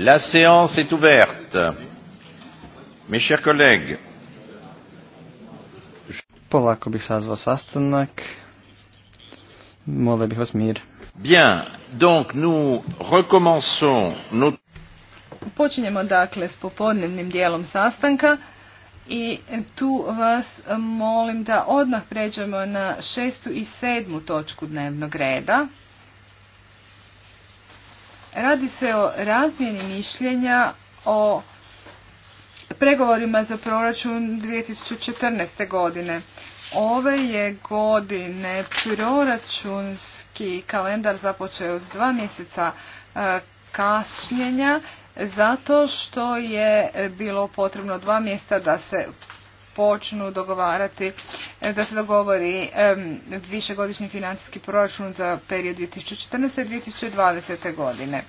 La séance est ouverte. Mes chers collègues. Polako bih sazvao sastanak. Mole bih vas mir. Bien, donc nous recommençons notre... Počinjemo dakle s popodnevnim dijelom sastanka i tu vas molim da odmah pređemo na šestu i sedmu točku dnevnog reda. Radi se o razmjeni mišljenja o pregovorima za proračun 2014. godine. Ove je godine proračunski kalendar započeo s dva mjeseca e, kašnjenja zato što je bilo potrebno dva mjesta da se počnu dogovarati, e, da se dogovori višegodišnji financijski proračun za period 2014. i 2020. godine.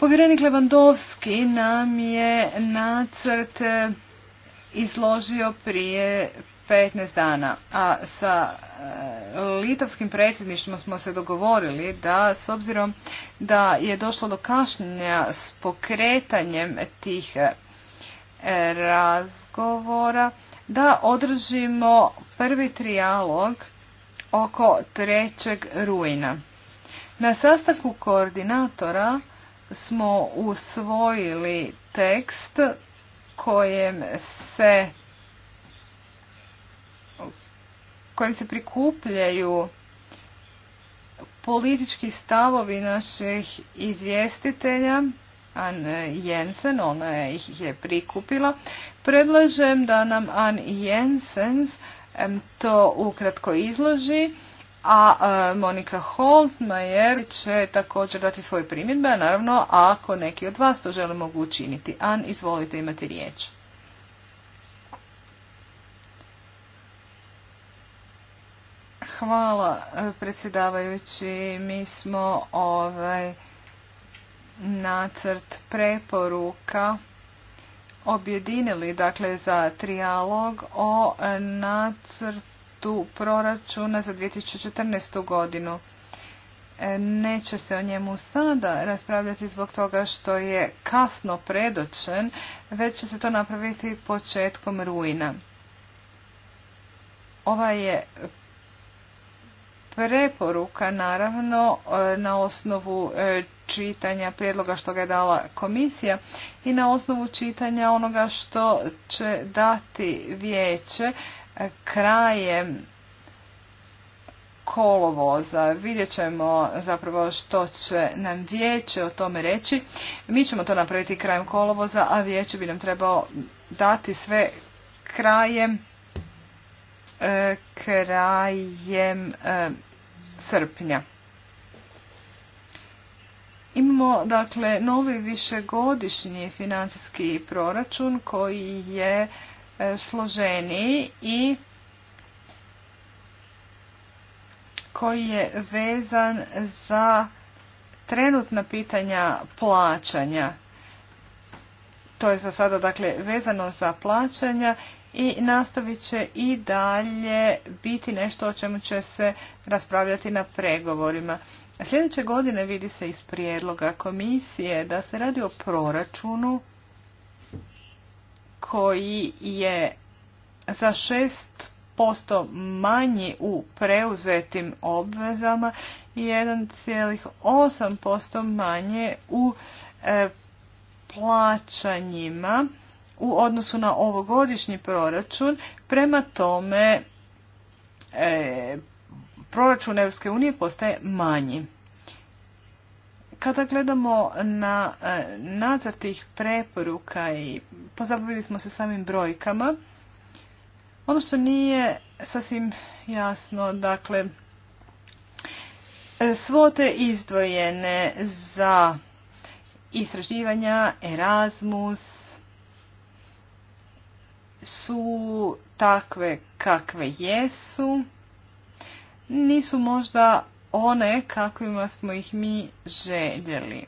Povjerenik Levandovski nam je nacrt e, izložio prije 15 dana, a sa e, litovskim predsjedništvom smo se dogovorili da s obzirom da je došlo do kašnjenja s pokretanjem tih razgovora da održimo prvi trijalog oko trećeg rujna. Na sastanku koordinatora smo usvojili tekst kojem se kojim se prikupljaju politički stavovi naših izvjestitelja An Jensen, ona ih je prikupila. Predlažem da nam An Jensens to ukratko izloži, a e, Monika Holtmajer će također dati svoje primjedbe, a naravno ako neki od vas to žele mogu učiniti. An, izvolite imati riječ. Hvala e, predsjedavajući. Mi smo ovaj nacrt preporuka objedinili dakle za trijalog o nacrtu proračuna za 2014. godinu. E, neće se o njemu sada raspravljati zbog toga što je kasno predočen, već će se to napraviti početkom rujna. Ova je preporuka naravno e, na osnovu e, čitanja prijedloga što ga je dala komisija i na osnovu čitanja onoga što će dati vijeće e, krajem kolovoza. Vidjet ćemo zapravo što će nam vijeće o tome reći. Mi ćemo to napraviti krajem kolovoza, a vijeće bi nam trebao dati sve krajem E, krajem e, srpnja. Imamo dakle novi višegodišnji financijski proračun koji je e, složeniji i koji je vezan za trenutna pitanja plaćanja. To je za sada dakle vezano za plaćanja i nastavit će i dalje biti nešto o čemu će se raspravljati na pregovorima. Sljedeće godine vidi se iz prijedloga komisije da se radi o proračunu koji je za 6% manji u preuzetim obvezama i 1,8% manje u e, plaćanjima u odnosu na ovogodišnji proračun. Prema tome, e, proračun Europske unije postaje manji. Kada gledamo na e, nadzor tih preporuka i pozabavili smo se samim brojkama, ono što nije sasvim jasno, dakle, e, svote izdvojene za istraživanja, Erasmus, su takve kakve jesu, nisu možda one kakvima smo ih mi željeli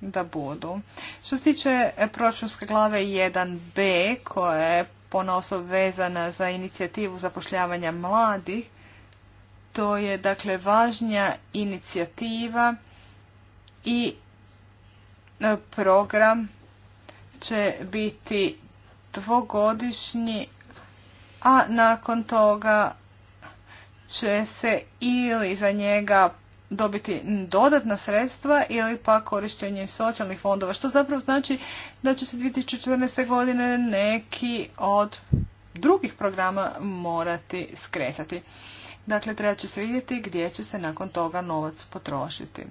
da budu. Što se tiče proračunske glave 1b, koja je ponosno vezana za inicijativu zapošljavanja mladih, to je dakle važnja inicijativa i e, program će biti dvogodišnji, a nakon toga će se ili za njega dobiti dodatna sredstva ili pa korištenje socijalnih fondova, što zapravo znači da će se 2014. godine neki od drugih programa morati skresati. Dakle, treba će se vidjeti gdje će se nakon toga novac potrošiti.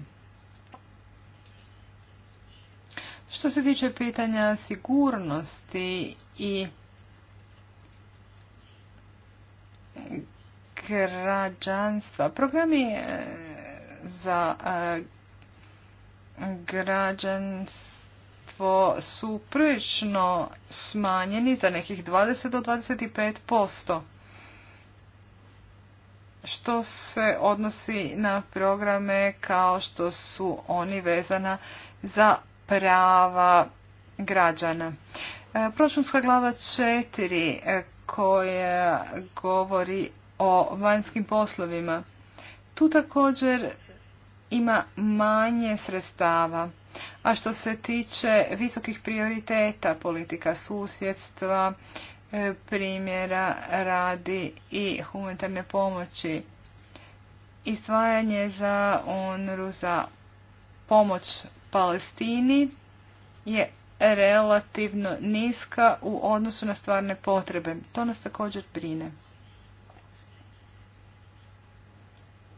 Što se tiče pitanja sigurnosti i građanstva. Programi e, za e, građanstvo su prilično smanjeni za nekih 20 do 25%. Što se odnosi na programe kao što su oni vezana za prava građana. E, proračunska glava 4 e, koja govori o vanjskim poslovima. Tu također ima manje sredstava. A što se tiče visokih prioriteta politika susjedstva, e, primjera radi i humanitarne pomoći, izdvajanje za onru za pomoć Palestini je relativno niska u odnosu na stvarne potrebe. To nas također brine.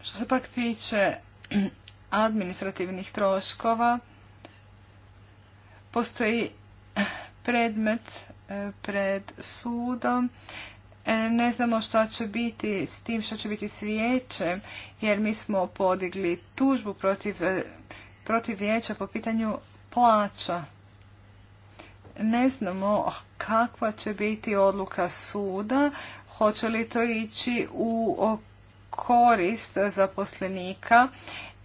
Što se pak tiče administrativnih troškova, postoji predmet e, pred sudom. E, ne znamo što će biti s tim što će biti s vijećem, jer mi smo podigli tužbu protiv, e, protiv vijeća po pitanju plaća ne znamo kakva će biti odluka suda, hoće li to ići u korist zaposlenika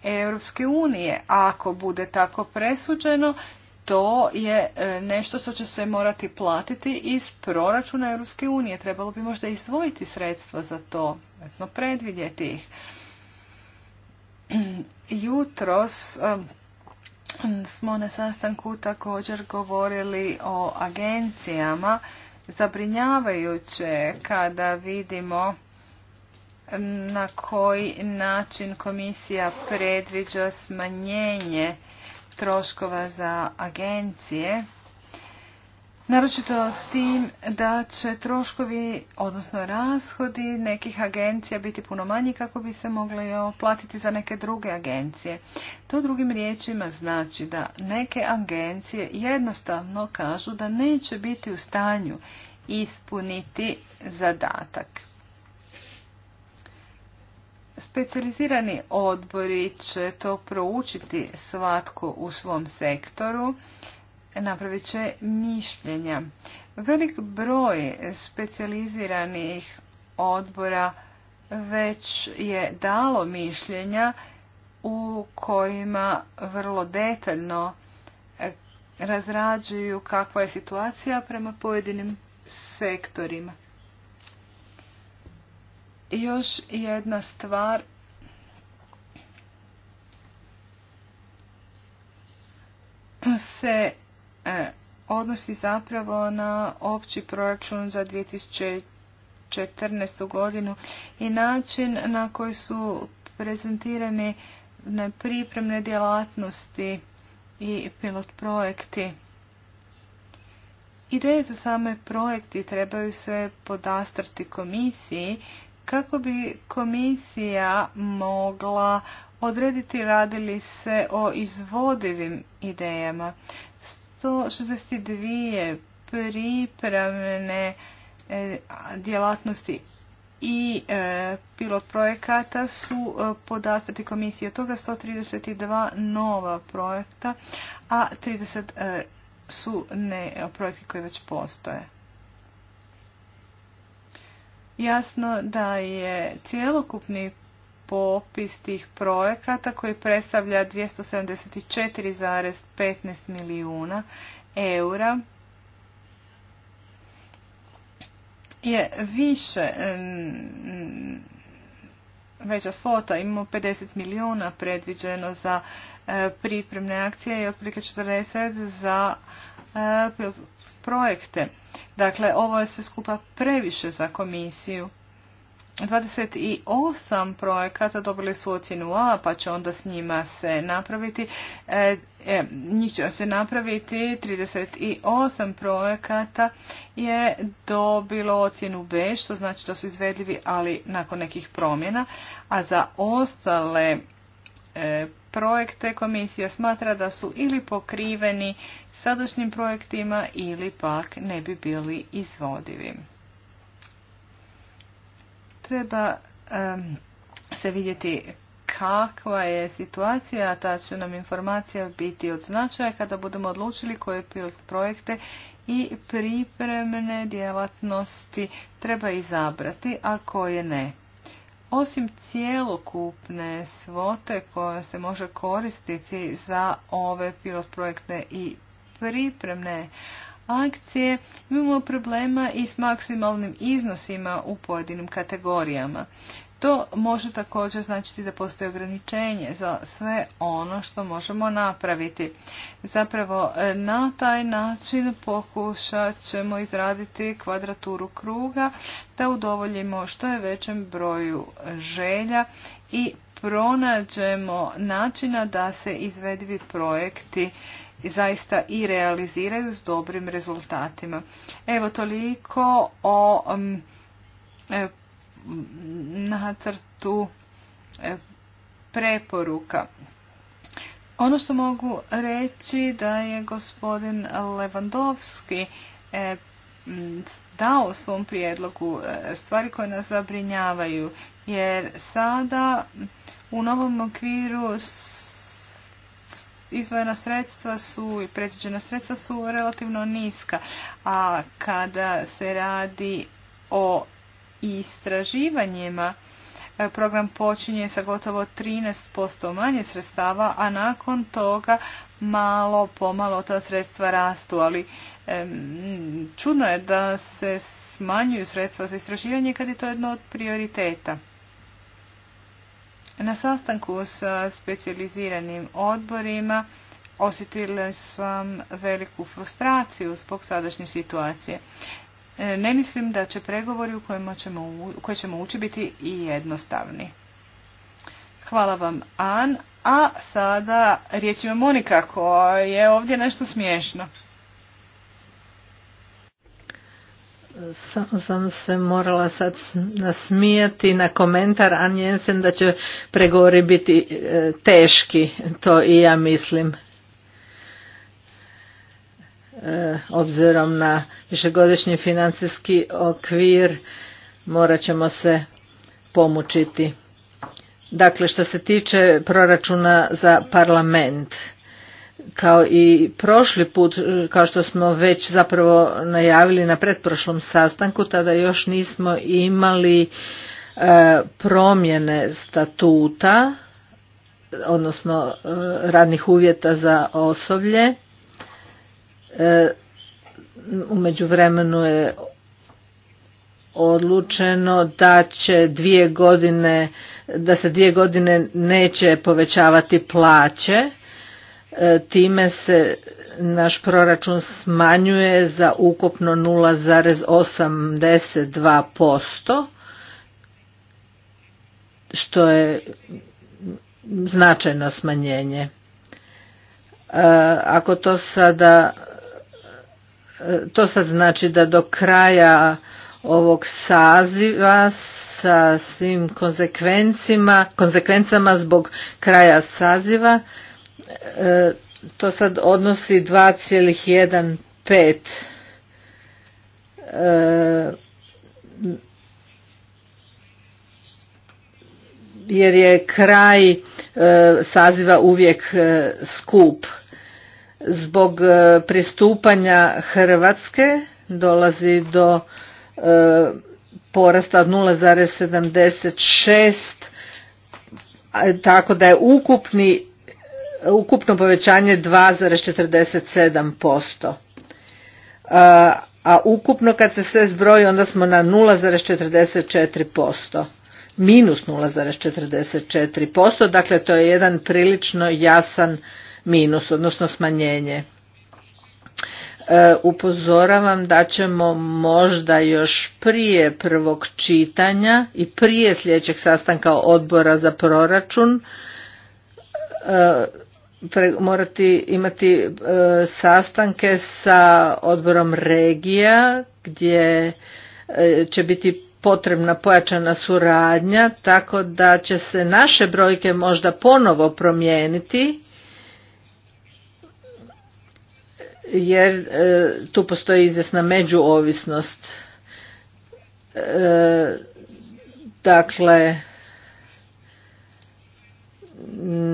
Europske unije. ako bude tako presuđeno, to je e, nešto što će se morati platiti iz proračuna Europske unije. Trebalo bi možda izdvojiti sredstva za to, predvidjeti ih. Jutros e, smo na sastanku također govorili o agencijama. Zabrinjavajuće kada vidimo na koji način komisija predviđa smanjenje troškova za agencije Naročito s tim da će troškovi, odnosno rashodi nekih agencija biti puno manji kako bi se mogli platiti za neke druge agencije. To drugim riječima znači da neke agencije jednostavno kažu da neće biti u stanju ispuniti zadatak. Specializirani odbori će to proučiti svatko u svom sektoru napravit će mišljenja. Velik broj specijaliziranih odbora već je dalo mišljenja u kojima vrlo detaljno razrađuju kakva je situacija prema pojedinim sektorima. još jedna stvar se E, odnosi zapravo na opći proračun za 2014. godinu i način na koji su prezentirane pripremne djelatnosti i pilot projekti. Ideje za same projekti trebaju se podastrati komisiji kako bi komisija mogla odrediti radili se o izvodivim idejama. 162 pripremne e, djelatnosti i e, pilot projekata su e, podastrati komisije. Od toga 132 nova projekta, a 30 su ne projekti koji već postoje. Jasno da je cjelokupni popis tih projekata koji predstavlja 274,15 milijuna eura je više veća svota, imamo 50 milijuna predviđeno za e, pripremne akcije i otprilike 40 za e, projekte. Dakle, ovo je sve skupa previše za komisiju. 28 projekata dobili su ocjenu A, pa će onda s njima se napraviti, e, e njih će se napraviti 38 projekata je dobilo ocjenu B, što znači da su izvedljivi, ali nakon nekih promjena, a za ostale e, projekte komisija smatra da su ili pokriveni sadašnjim projektima ili pak ne bi bili izvodivi. Treba se vidjeti kakva je situacija, a ta će nam informacija biti od značaja kada budemo odlučili koje pilot projekte i pripremne djelatnosti treba izabrati, a koje ne. Osim cjelokupne svote koja se može koristiti za ove pilot projekte i pripremne akcije, imamo problema i s maksimalnim iznosima u pojedinim kategorijama. To može također značiti da postoje ograničenje za sve ono što možemo napraviti. Zapravo e, na taj način pokušat ćemo izraditi kvadraturu kruga da udovoljimo što je većem broju želja i pronađemo načina da se izvedivi projekti zaista i realiziraju s dobrim rezultatima. Evo toliko o um, e, nacrtu e, preporuka. Ono što mogu reći da je gospodin Levandovski e, dao svom prijedlogu stvari koje nas zabrinjavaju jer sada u novom okviru izvojena sredstva su i predviđena sredstva su relativno niska, a kada se radi o istraživanjima, e, program počinje sa gotovo 13% manje sredstava, a nakon toga malo pomalo ta sredstva rastu, ali čudno je da se smanjuju sredstva za istraživanje kad je to jedno od prioriteta. Na sastanku sa specijaliziranim odborima osjetila sam veliku frustraciju zbog sadašnje situacije. E, ne mislim da će pregovori u kojima ćemo, koje ćemo ući biti i jednostavni. Hvala vam, An. A sada riječ ima Monika koja je ovdje nešto smiješno. Samo sam se morala sad nasmijati na komentar a Jensen da će pregovori biti e, teški, to i ja mislim. E, obzirom na višegodišnji financijski okvir morat ćemo se pomučiti. Dakle, što se tiče proračuna za parlament – kao i prošli put, e, kao što smo već zapravo najavili na pretprošlom sastanku, tada još nismo imali e, promjene statuta, odnosno e, radnih uvjeta za osoblje. U međuvremenu je odlučeno da će dvije godine, da se dvije godine neće povećavati plaće E, time se naš proračun smanjuje za ukupno 0,82%, što je značajno smanjenje. E, ako to sada, e, to sad znači da do kraja ovog saziva sa svim konsekvencama zbog kraja saziva E, to sad odnosi 2,15 e, jer je kraj e, saziva uvijek skup zbog pristupanja Hrvatske dolazi do porasta od 0,76 tako da je ukupni ukupno povećanje 2,47%. A, a ukupno kad se sve zbroji onda smo na 0,44%. Minus 0,44%, dakle to je jedan prilično jasan minus, odnosno smanjenje. E, upozoravam da ćemo možda još prije prvog čitanja i prije sljedećeg sastanka odbora za proračun e, morati imati e, sastanke sa odborom regija gdje e, će biti potrebna pojačana suradnja tako da će se naše brojke možda ponovo promijeniti jer e, tu postoji izvjesna međuovisnost dakle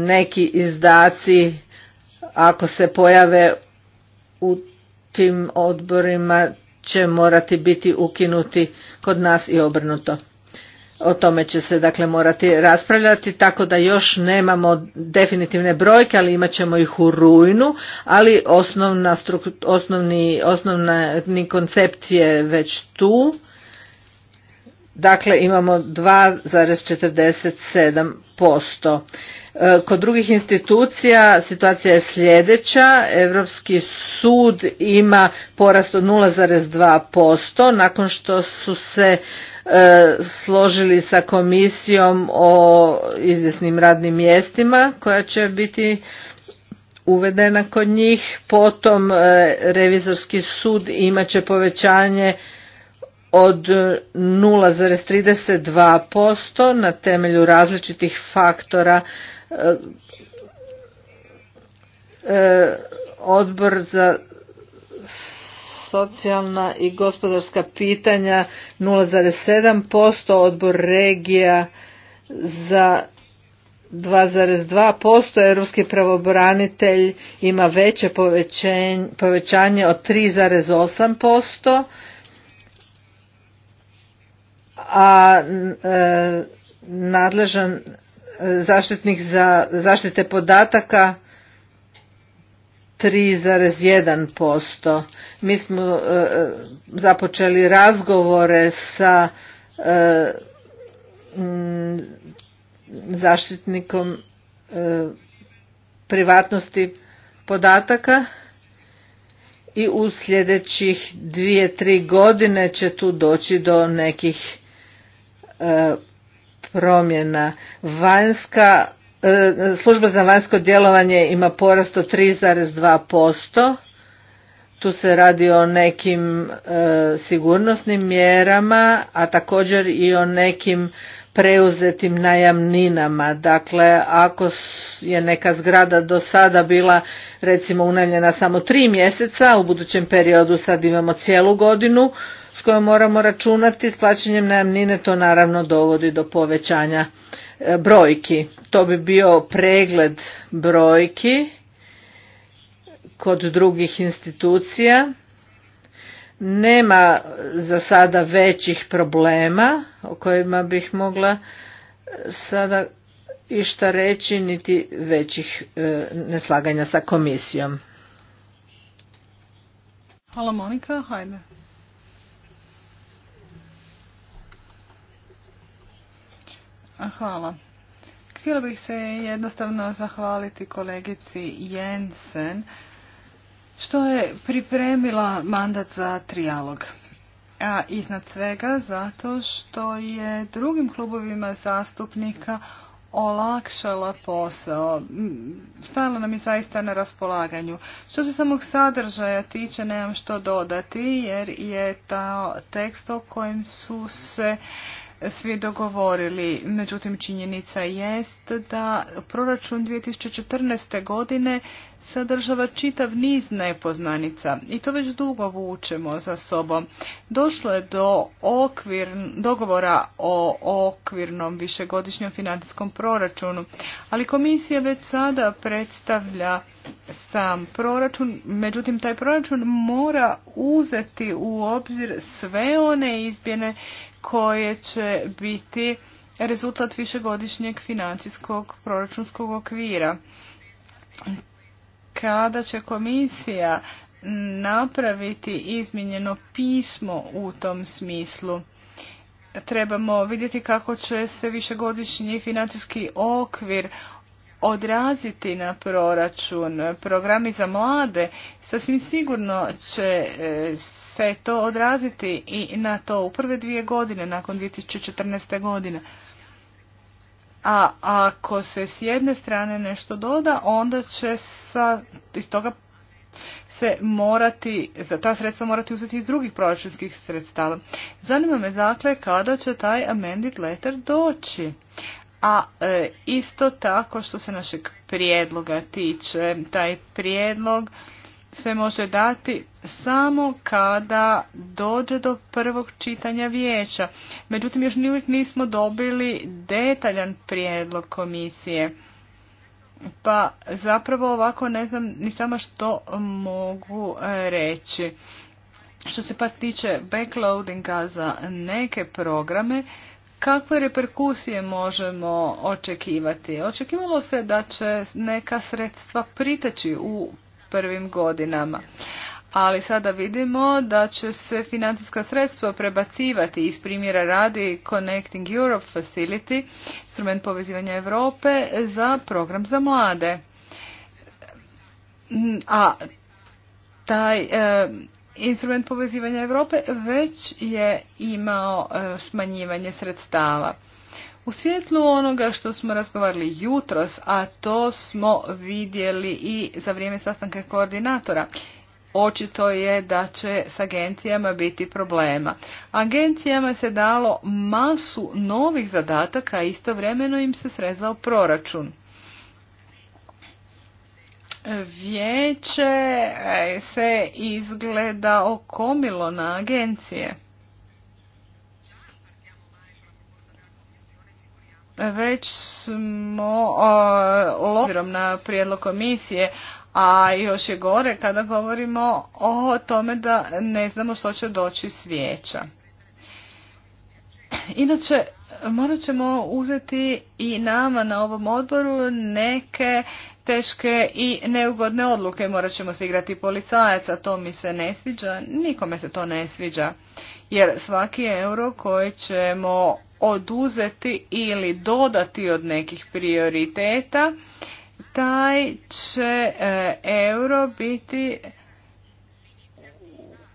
neki izdaci ako se pojave u tim odborima će morati biti ukinuti kod nas i obrnuto. O tome će se dakle morati raspravljati, tako da još nemamo definitivne brojke, ali imat ćemo ih u rujnu, ali osnovna, osnovni, osnovni koncept je već tu. Dakle, imamo 2,47%. E, kod drugih institucija situacija je sljedeća. Europski sud ima porast od 0,2% nakon što su se e, složili sa komisijom o izvjesnim radnim mjestima koja će biti uvedena kod njih. Potom e, revizorski sud će povećanje od 0,32% na temelju različitih faktora E, e, odbor za socijalna i gospodarska pitanja 0,7%, odbor regija za 2,2%, europski pravobranitelj ima veće povećanje od 3,8%, a e, nadležan zaštitnik za zaštite podataka 3,1%. Mi smo e, započeli razgovore sa e, zaštitnikom e, privatnosti podataka i u sljedećih dvije, tri godine će tu doći do nekih promjena. Vanjska, e, služba za vanjsko djelovanje ima porast od 3,2%. Tu se radi o nekim e, sigurnosnim mjerama, a također i o nekim preuzetim najamninama. Dakle, ako je neka zgrada do sada bila recimo unajmljena samo tri mjeseca, u budućem periodu sad imamo cijelu godinu, s kojom moramo računati, s plaćanjem najamnine to naravno dovodi do povećanja e, brojki. To bi bio pregled brojki kod drugih institucija. Nema za sada većih problema o kojima bih mogla e, sada išta reći, niti većih e, neslaganja sa komisijom. Hvala Monika, hajde. Hvala. Htjela bih se jednostavno zahvaliti kolegici Jensen što je pripremila mandat za trijalog. A iznad svega zato što je drugim klubovima zastupnika olakšala posao. Stajala nam je zaista na raspolaganju. Što se samog sadržaja tiče, nemam što dodati, jer je ta tekst o kojem su se svi dogovorili. Međutim, činjenica jest da proračun 2014. godine sadržava čitav niz nepoznanica i to već dugo vučemo za sobom. Došlo je do okvir, dogovora o okvirnom višegodišnjem financijskom proračunu, ali komisija već sada predstavlja sam proračun, međutim taj proračun mora uzeti u obzir sve one izbjene koje će biti rezultat višegodišnjeg financijskog proračunskog okvira. Kada će komisija napraviti izmijenjeno pismo u tom smislu? Trebamo vidjeti kako će se višegodišnji financijski okvir odraziti na proračun. Programi za mlade sasvim sigurno će e, se to odraziti i na to u prve dvije godine nakon 2014. godine. A ako se s jedne strane nešto doda, onda će sa, iz toga se morati, za ta sredstva morati uzeti iz drugih proračunskih sredstava. Zanima me dakle kada će taj amended letter doći. A e, isto tako što se našeg prijedloga tiče, taj prijedlog se može dati samo kada dođe do prvog čitanja vijeća. Međutim, još uvijek nismo dobili detaljan prijedlog komisije. Pa zapravo ovako ne znam ni samo što mogu e, reći. Što se pa tiče backloadinga za neke programe, Kakve reperkusije možemo očekivati? Očekivalo se da će neka sredstva priteći u prvim godinama, ali sada vidimo da će se financijska sredstva prebacivati iz primjera radi Connecting Europe Facility, instrument povezivanja Europe za program za mlade. A taj instrument povezivanja Europe već je imao e, smanjivanje sredstava. U svjetlu onoga što smo razgovarali jutros, a to smo vidjeli i za vrijeme sastanka koordinatora, očito je da će s agencijama biti problema. Agencijama se dalo masu novih zadataka, a istovremeno im se srezao proračun vijeće e, se izgleda okomilo na agencije. Već smo obzirom na prijedlog komisije, a još je gore kada govorimo o tome da ne znamo što će doći s vijeća. Inače, morat ćemo uzeti i nama na ovom odboru neke teške i neugodne odluke. Morat ćemo se igrati policajaca, to mi se ne sviđa, nikome se to ne sviđa. Jer svaki euro koji ćemo oduzeti ili dodati od nekih prioriteta, taj će e, euro biti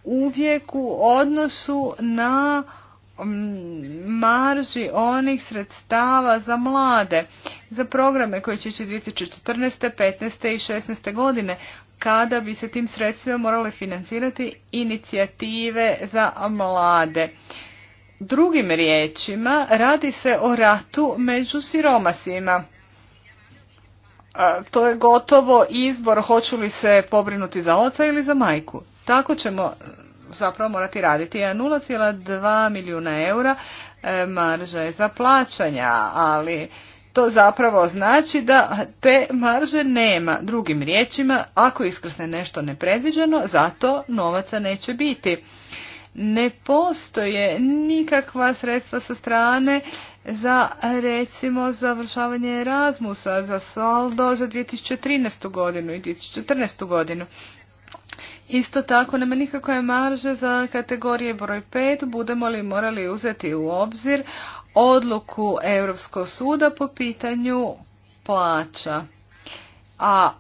uvijek u odnosu na marži onih sredstava za mlade, za programe koji će ići 2014., 15. i 16. godine, kada bi se tim sredstvima morale financirati inicijative za mlade. Drugim riječima, radi se o ratu među siromasima. To je gotovo izbor hoću li se pobrinuti za oca ili za majku. Tako ćemo zapravo morati raditi. A 0,2 milijuna eura e, marže je za plaćanja, ali to zapravo znači da te marže nema. Drugim riječima, ako iskrsne nešto nepredviđeno, zato novaca neće biti. Ne postoje nikakva sredstva sa strane za recimo završavanje Erasmusa, za saldo za 2013. godinu i 2014. godinu. Isto tako nema nikakve marže za kategorije broj 5, budemo li morali uzeti u obzir odluku Europskog suda po pitanju plaća. A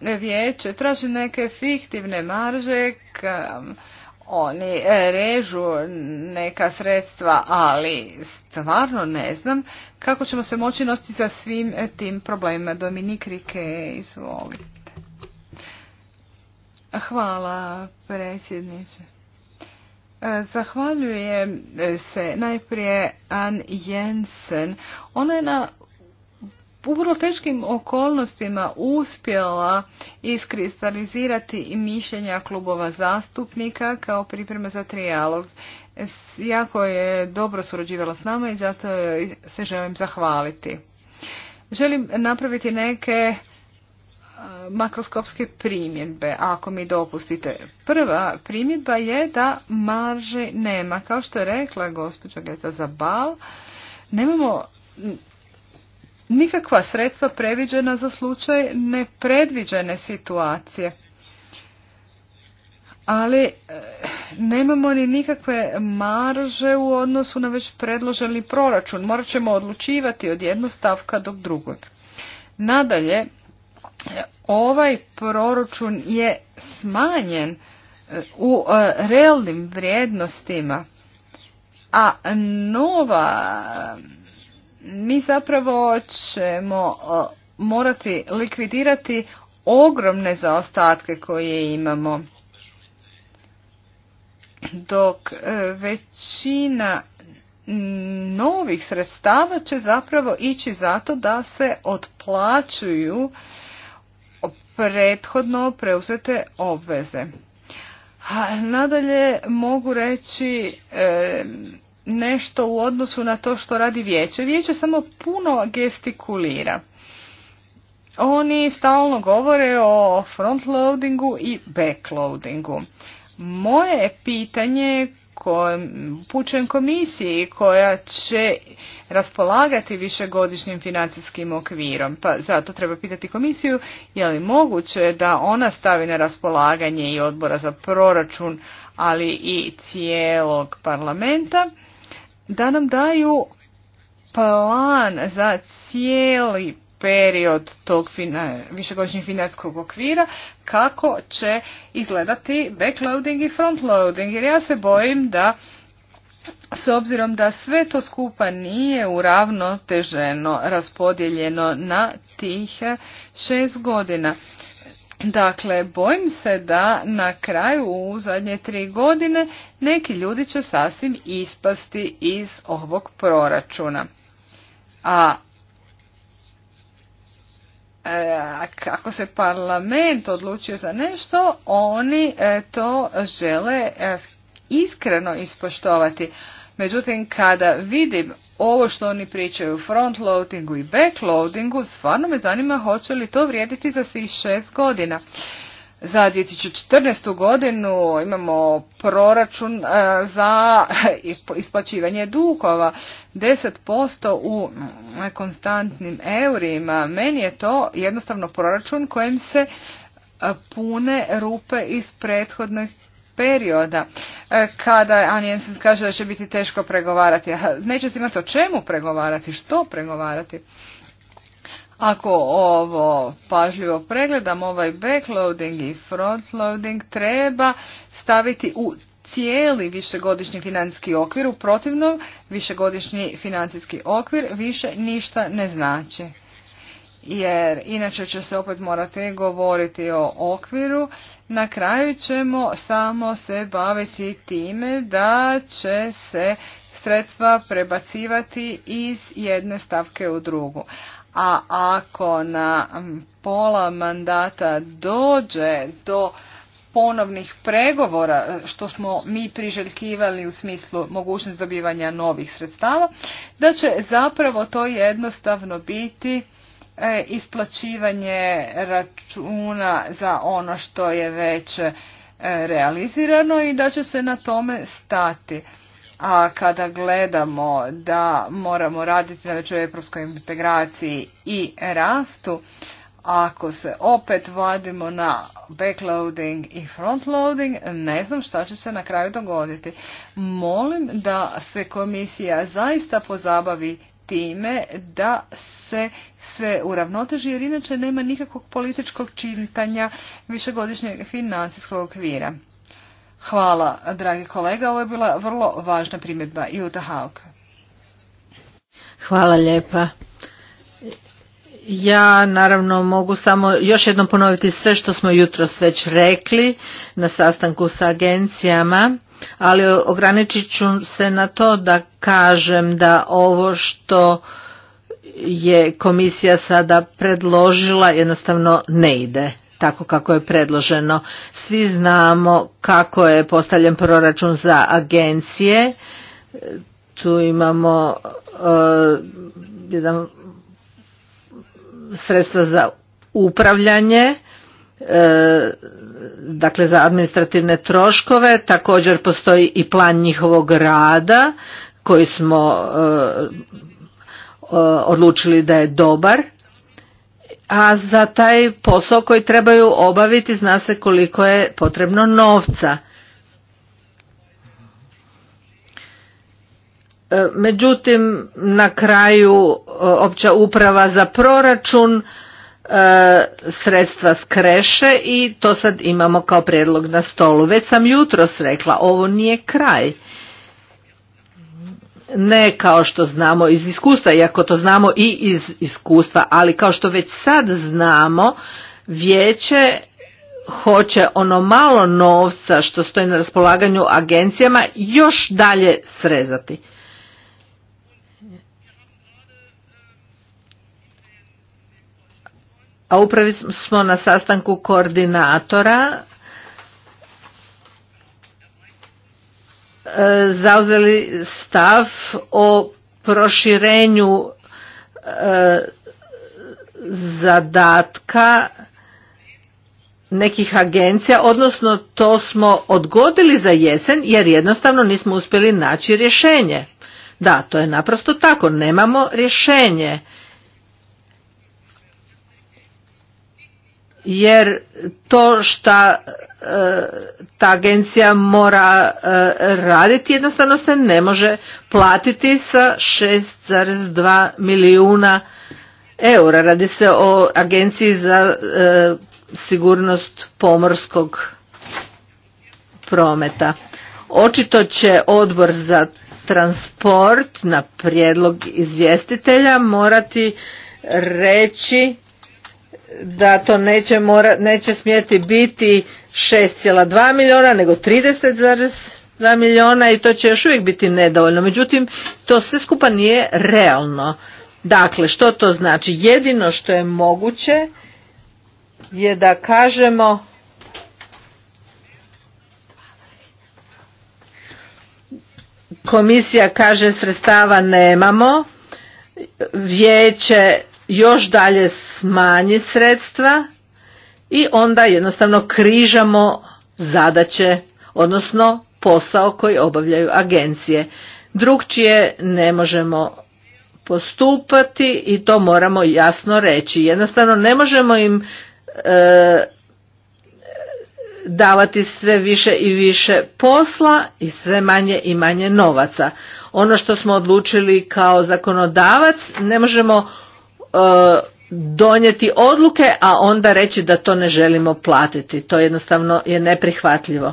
vijeće traži neke fiktivne marže, oni režu neka sredstva, ali stvarno ne znam kako ćemo se moći nositi sa svim tim problemima. Dominik Rike, izvolite. Hvala predsjedniče. E, zahvaljujem se najprije Ann Jensen. Ona je na u vrlo teškim okolnostima uspjela iskristalizirati mišljenja klubova zastupnika kao priprema za trijalog. Jako je dobro surađivala s nama i zato se želim zahvaliti. Želim napraviti neke makroskopske primjedbe, ako mi dopustite. Prva primjedba je da marže nema. Kao što je rekla gospođa Geta Zabal, nemamo nikakva sredstva previđena za slučaj nepredviđene situacije. Ali e, nemamo ni nikakve marže u odnosu na već predloženi proračun. Morat ćemo odlučivati od jednog stavka do drugog. Nadalje, ovaj proračun je smanjen e, u e, realnim vrijednostima, a nova mi zapravo ćemo e, morati likvidirati ogromne zaostatke koje imamo. Dok većina novih sredstava će zapravo ići zato da se otplaćuju prethodno preuzete obveze. nadalje mogu reći e, nešto u odnosu na to što radi vijeće. Vijeće samo puno gestikulira. Oni stalno govore o frontloadingu i backloadingu. Moje pitanje kojem upućujem komisiji koja će raspolagati višegodišnjim financijskim okvirom. Pa zato treba pitati komisiju je li moguće da ona stavi na raspolaganje i odbora za proračun, ali i cijelog parlamenta, da nam daju plan za cijeli period tog višegodišnjeg financijskog okvira kako će izgledati backloading i frontloading jer ja se bojim da s obzirom da sve to skupa nije uravnoteženo raspodijeljeno na tih šest godina. Dakle, bojim se da na kraju u zadnje tri godine neki ljudi će sasvim ispasti iz ovog proračuna. A E, ako se parlament odlučio za nešto, oni e, to žele e, iskreno ispoštovati. Međutim, kada vidim ovo što oni pričaju o frontloadingu i backloadingu, stvarno me zanima hoće li to vrijediti za svih šest godina. Za 2014. godinu imamo proračun e, za isplaćivanje dugova 10% u mm, konstantnim eurima. Meni je to jednostavno proračun kojim se e, pune rupe iz prethodnih perioda e, kada Anjensen Jensen kaže da će biti teško pregovarati. Neće se imati o čemu pregovarati, što pregovarati. Ako ovo pažljivo pregledam, ovaj backloading i frontloading treba staviti u cijeli višegodišnji financijski okvir, u protivnom višegodišnji financijski okvir više ništa ne znači. Jer inače će se opet morati govoriti o okviru, na kraju ćemo samo se baviti time da će se sredstva prebacivati iz jedne stavke u drugu a ako na pola mandata dođe do ponovnih pregovora e, što smo mi priželjkivali u smislu mogućnost dobivanja novih sredstava, da će zapravo to jednostavno biti e, isplaćivanje računa za ono što je već e, realizirano i da će se na tome stati a kada gledamo da moramo raditi na većoj europskoj integraciji i rastu, ako se opet vadimo na backloading i frontloading, ne znam šta će se na kraju dogoditi. Molim da se komisija zaista pozabavi time da se sve uravnoteži jer inače nema nikakvog političkog čitanja višegodišnjeg financijskog okvira. Hvala, dragi kolega. Ovo je bila vrlo važna primjedba. Juta Hauk. Hvala lijepa. Ja naravno mogu samo još jednom ponoviti sve što smo jutros već rekli na sastanku sa agencijama, ali ograničit ću se na to da kažem da ovo što je komisija sada predložila jednostavno ne ide tako kako je predloženo. Svi znamo kako je postavljen proračun za agencije. Tu imamo uh, sredstva za upravljanje eh, dakle za administrativne troškove također postoji i plan njihovog rada koji smo eh, odlučili da je dobar a za taj posao koji trebaju obaviti zna se koliko je potrebno novca. E, međutim, na kraju e, opća uprava za proračun e, sredstva skreše i to sad imamo kao prijedlog na stolu. Već sam jutros rekla, ovo nije kraj ne kao što znamo iz iskustva, iako to znamo i iz iskustva, ali kao što već sad znamo, vijeće hoće ono malo novca što stoji na raspolaganju agencijama još dalje srezati. A upravi smo na sastanku koordinatora E, zauzeli stav o proširenju e, zadatka nekih agencija, odnosno to smo odgodili za jesen jer jednostavno nismo uspjeli naći rješenje. Da, to je naprosto tako, nemamo rješenje. Jer to što ta agencija mora e, raditi, jednostavno se ne može platiti sa 6,2 milijuna eura. Radi se o agenciji za e, sigurnost pomorskog prometa. Očito će odbor za transport na prijedlog izvjestitelja morati reći da to neće, mora, neće smjeti biti 6,2 milijuna nego 30,2 milijuna i to će još uvijek biti nedovoljno. Međutim, to sve skupa nije realno. Dakle, što to znači? Jedino što je moguće je da kažemo komisija kaže sredstava nemamo, vijeće još dalje smanji sredstva i onda jednostavno križamo zadaće, odnosno posao koji obavljaju agencije. Drugčije ne možemo postupati i to moramo jasno reći. Jednostavno ne možemo im e, davati sve više i više posla i sve manje i manje novaca. Ono što smo odlučili kao zakonodavac ne možemo E, donijeti odluke, a onda reći da to ne želimo platiti. To jednostavno je neprihvatljivo.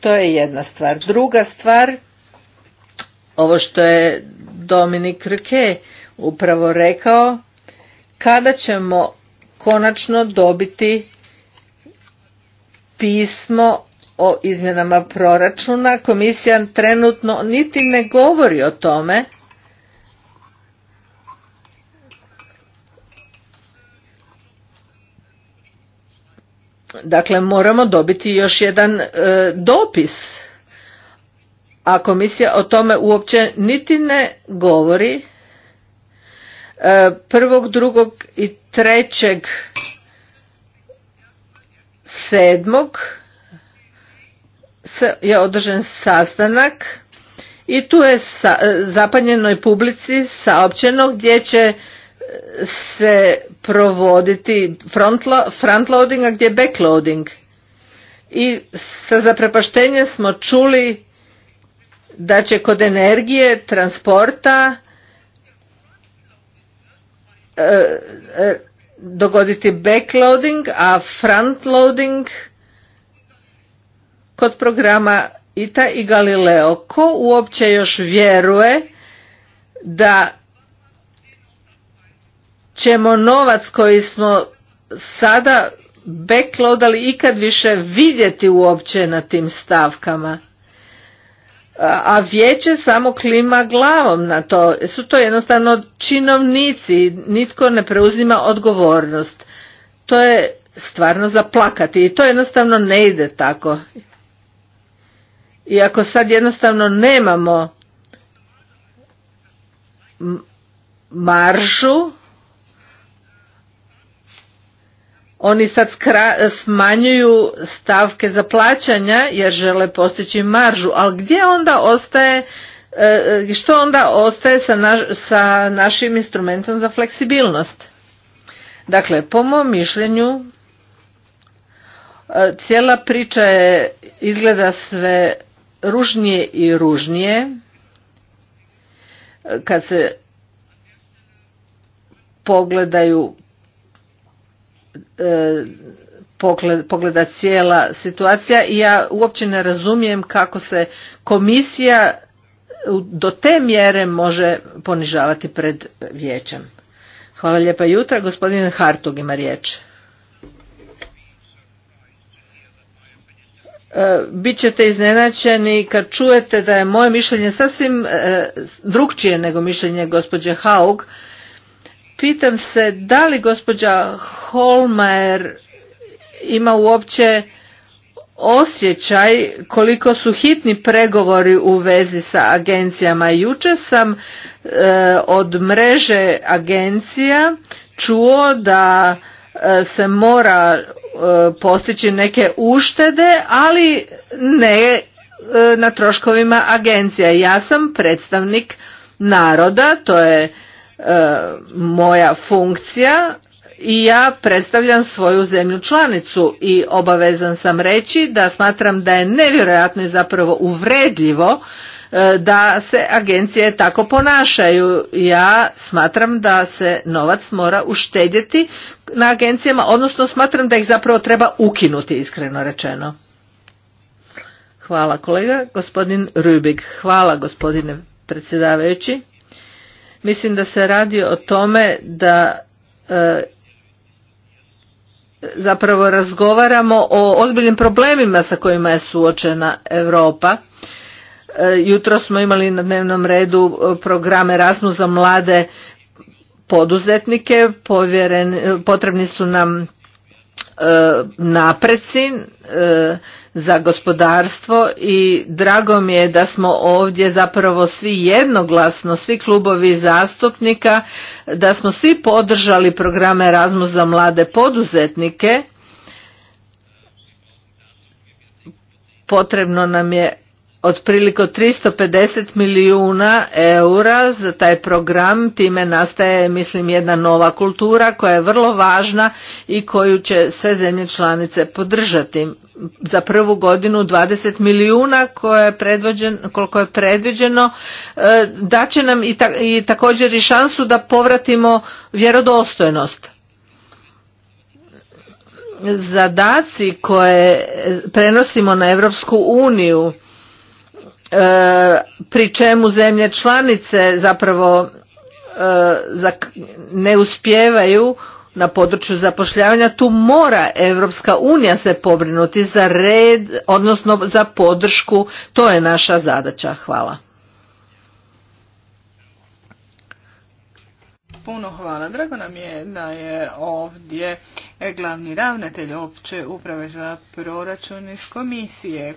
To je jedna stvar. Druga stvar, ovo što je Dominik Rke upravo rekao, kada ćemo konačno dobiti pismo o izmjenama proračuna komisija trenutno niti ne govori o tome dakle moramo dobiti još jedan e, dopis a komisija o tome uopće niti ne govori e, prvog drugog i trećeg sedmog je održan sastanak i tu je sa, e, zapanjenoj publici saopćeno gdje će e, se provoditi frontloading, front a gdje backloading. I sa zaprepaštenjem smo čuli da će kod energije, transporta e, dogoditi backloading, a frontloading kod programa ITA i Galileo. Ko uopće još vjeruje da ćemo novac koji smo sada backloadali ikad više vidjeti uopće na tim stavkama? a vijeće samo klima glavom na to. Su to jednostavno činovnici, nitko ne preuzima odgovornost. To je stvarno zaplakati i to jednostavno ne ide tako. I ako sad jednostavno nemamo maržu, oni sad smanjuju stavke za plaćanja jer žele postići maržu, ali gdje onda ostaje, e, što onda ostaje sa, sa našim instrumentom za fleksibilnost? Dakle, po mom mišljenju, e, cijela priča je, izgleda sve ružnije i ružnije kad se pogledaju e, pogleda cijela situacija i ja uopće ne razumijem kako se komisija do te mjere može ponižavati pred vijećem. Hvala lijepa jutra. Gospodin Hartog ima riječ. E, bit ćete iznenačeni kad čujete da je moje mišljenje sasvim e, drukčije nego mišljenje gospođe Haug. Pitam se da li gospođa Holmajer ima uopće osjećaj koliko su hitni pregovori u vezi sa agencijama. Juče sam e, od mreže agencija čuo da se mora e, postići neke uštede, ali ne e, na troškovima agencija. Ja sam predstavnik naroda, to je e, moja funkcija i ja predstavljam svoju zemlju članicu i obavezan sam reći da smatram da je nevjerojatno i zapravo uvredljivo E, da se agencije tako ponašaju. Ja smatram da se novac mora uštedjeti na agencijama, odnosno smatram da ih zapravo treba ukinuti, iskreno rečeno. Hvala kolega. Gospodin Rubik. Hvala gospodine predsjedavajući. Mislim da se radi o tome da e, zapravo razgovaramo o ozbiljnim problemima sa kojima je suočena Europa E, jutro smo imali na dnevnom redu e, programe Erasmus za mlade poduzetnike, povjeren, e, potrebni su nam napreci za gospodarstvo i drago mi je da smo ovdje zapravo svi jednoglasno, svi klubovi zastupnika, da smo svi podržali programe Erasmus za mlade poduzetnike. Potrebno nam je otprilike 350 milijuna eura za taj program. Time nastaje, mislim, jedna nova kultura koja je vrlo važna i koju će sve zemlje članice podržati. Za prvu godinu 20 milijuna koje je koliko je predviđeno e, će nam i, ta, i također i šansu da povratimo vjerodostojnost zadaci koje prenosimo na Europsku uniju E, pri čemu zemlje članice zapravo e, ne uspijevaju na području zapošljavanja tu mora Europska unija se pobrinuti za red odnosno za podršku to je naša zadaća hvala Puno hvala. Drago nam je da je ovdje glavni ravnatelj opće uprave za proračun iz komisije.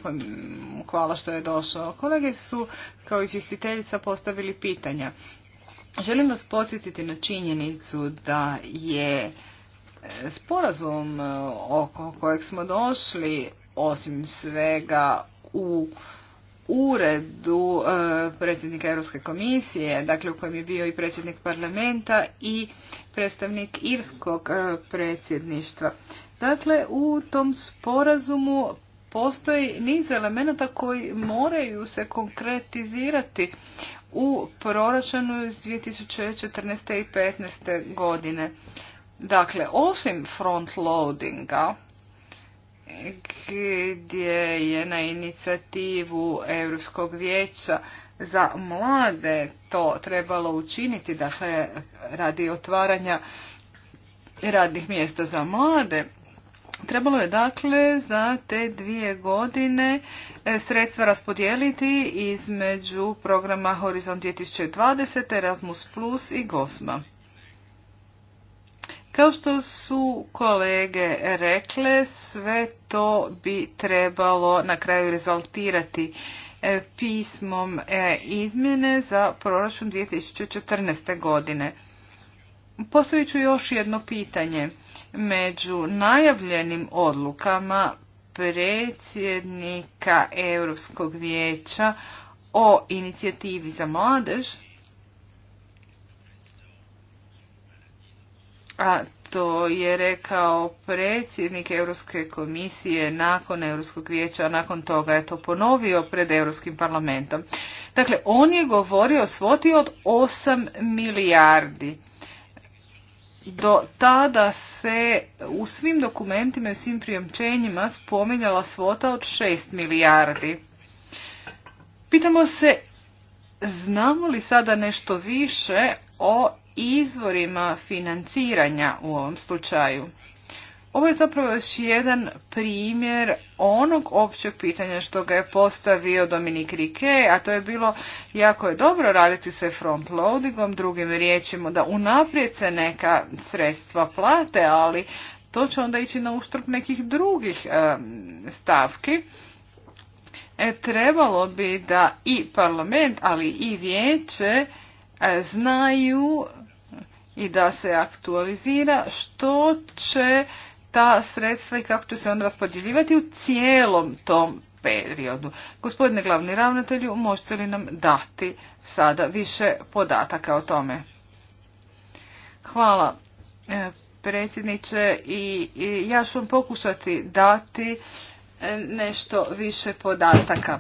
Hvala što je došao. Kolege su kao izvjestiteljica postavili pitanja. Želim vas podsjetiti na činjenicu da je sporazum e, oko kojeg smo došli osim svega u uredu e, predsjednika Europske komisije, dakle u kojem je bio i predsjednik parlamenta i predstavnik irskog e, predsjedništva. Dakle, u tom sporazumu postoji niz elemenata koji moraju se konkretizirati u proračunu iz 2014. i 2015. godine. Dakle, osim front loadinga, gdje je na inicijativu Europskog vijeća za mlade to trebalo učiniti, dakle radi otvaranja radnih mjesta za mlade. Trebalo je dakle za te dvije godine e, sredstva raspodijeliti između programa Horizon 2020, Erasmus Plus i Gosma. Kao što su kolege rekle, sve to bi trebalo na kraju rezultirati e, pismom e, izmjene za proračun 2014. godine. Postavit ću još jedno pitanje. Među najavljenim odlukama predsjednika Europskog vijeća o inicijativi za mladež a to je rekao predsjednik Europske komisije nakon Europskog vijeća, a nakon toga je to ponovio pred Europskim parlamentom. Dakle, on je govorio o svoti od 8 milijardi. Do tada se u svim dokumentima i svim prijemčenjima spominjala svota od 6 milijardi. Pitamo se, znamo li sada nešto više o izvorima financiranja u ovom slučaju. Ovo je zapravo još jedan primjer onog općeg pitanja što ga je postavio Dominik Rike, a to je bilo jako je dobro raditi se front loadingom, drugim riječima da unaprijed se neka sredstva plate, ali to će onda ići na uštrb nekih drugih e, stavki. E, trebalo bi da i parlament, ali i vijeće E, znaju i da se aktualizira što će ta sredstva i kako će se on raspodjeljivati u cijelom tom periodu. Gospodine glavni ravnatelju, možete li nam dati sada više podataka o tome? Hvala e, predsjedniče i ja ću vam pokušati dati e, nešto više podataka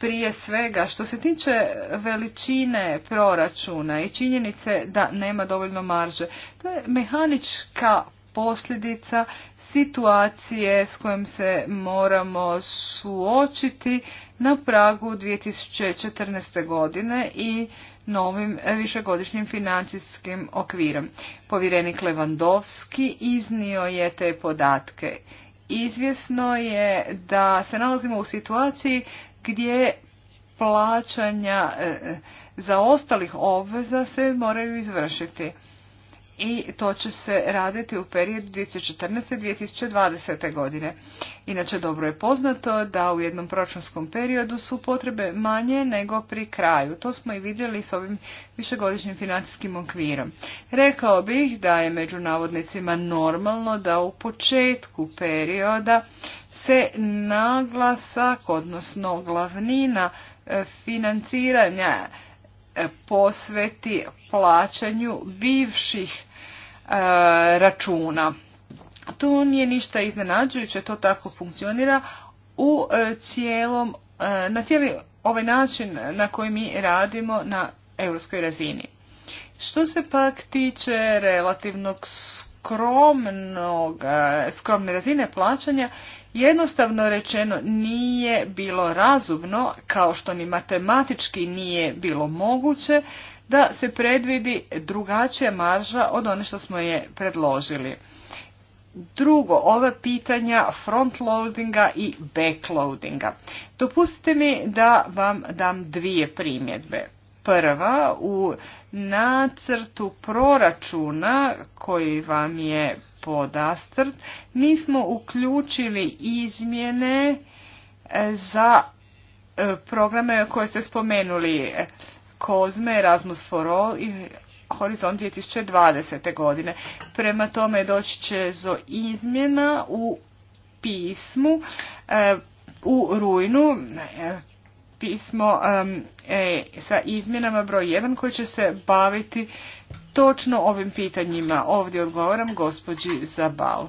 prije svega što se tiče veličine proračuna i činjenice da nema dovoljno marže. To je mehanička posljedica situacije s kojom se moramo suočiti na pragu 2014. godine i novim višegodišnjim financijskim okvirom. Povjerenik Levandovski iznio je te podatke. Izvjesno je da se nalazimo u situaciji gdje plaćanja e, e, zaostalih obveza se moraju izvršiti i to će se raditi u periodu 2014-2020. godine. Inače, dobro je poznato da u jednom proračunskom periodu su potrebe manje nego pri kraju. To smo i vidjeli s ovim višegodišnjim financijskim okvirom. Rekao bih da je među navodnicima normalno da u početku perioda se naglasak, odnosno glavnina e, financiranja e, posveti plaćanju bivših E, računa. To nije ništa iznenađujuće, to tako funkcionira u e, cijelom, e, na cijeli ovaj način na koji mi radimo na europskoj razini. Što se pak tiče relativnog skromnog, skromne razine plaćanja, jednostavno rečeno nije bilo razumno, kao što ni matematički nije bilo moguće, da se predvidi drugačija marža od one što smo je predložili. Drugo, ova pitanja frontloadinga i backloadinga. Dopustite mi da vam dam dvije primjedbe. Prva, u nacrtu proračuna koji vam je podastrt, nismo uključili izmjene za e, programe koje ste spomenuli Kozme, Erasmus for All i Horizont 2020. godine. Prema tome doći će do izmjena u pismu e, u rujnu e, pismo e, sa izmjenama broj 1 koji će se baviti točno ovim pitanjima. Ovdje odgovaram gospođi Zabal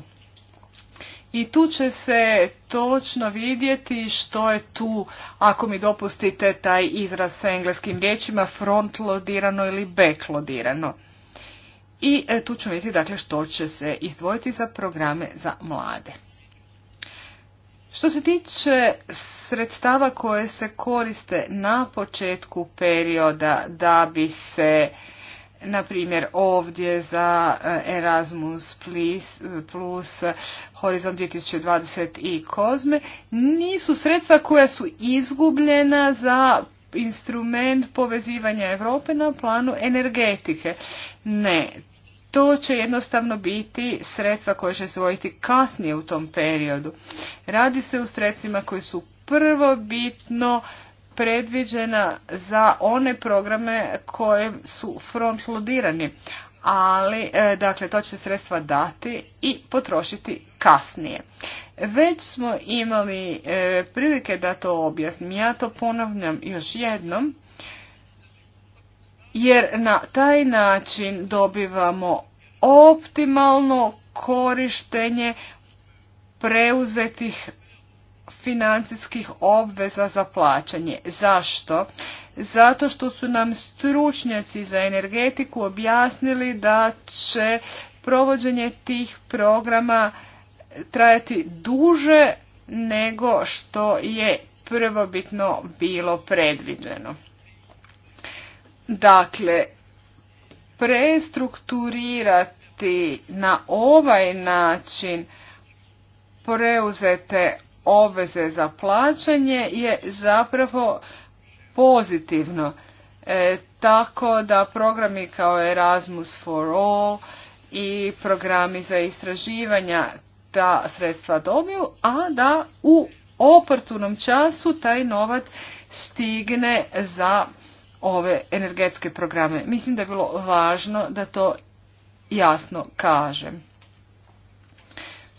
i tu će se točno vidjeti što je tu, ako mi dopustite taj izraz sa engleskim riječima, frontlodirano ili backlodirano. I e, tu ćemo vidjeti dakle, što će se izdvojiti za programe za mlade. Što se tiče sredstava koje se koriste na početku perioda da bi se na primjer ovdje za e, Erasmus plus, plus Horizon 2020 i Kozme nisu sredstva koja su izgubljena za instrument povezivanja Europe na planu energetike. Ne, to će jednostavno biti sredstva koje će se kasnije u tom periodu. Radi se o sredstvima koji su prvobitno bitno predviđena za one programe koje su frontlodirani, ali e, dakle to će sredstva dati i potrošiti kasnije. Već smo imali e, prilike da to objasnim. Ja to ponavljam još jednom jer na taj način dobivamo optimalno korištenje preuzetih financijskih obveza za plaćanje. Zašto? Zato što su nam stručnjaci za energetiku objasnili da će provođenje tih programa trajati duže nego što je prvobitno bilo predviđeno. Dakle, prestrukturirati na ovaj način preuzete obveze za plaćanje je zapravo pozitivno. E, tako da programi kao Erasmus for All i programi za istraživanja ta sredstva dobiju, a da u oportunom času taj novac stigne za ove energetske programe. Mislim da je bilo važno da to jasno kažem.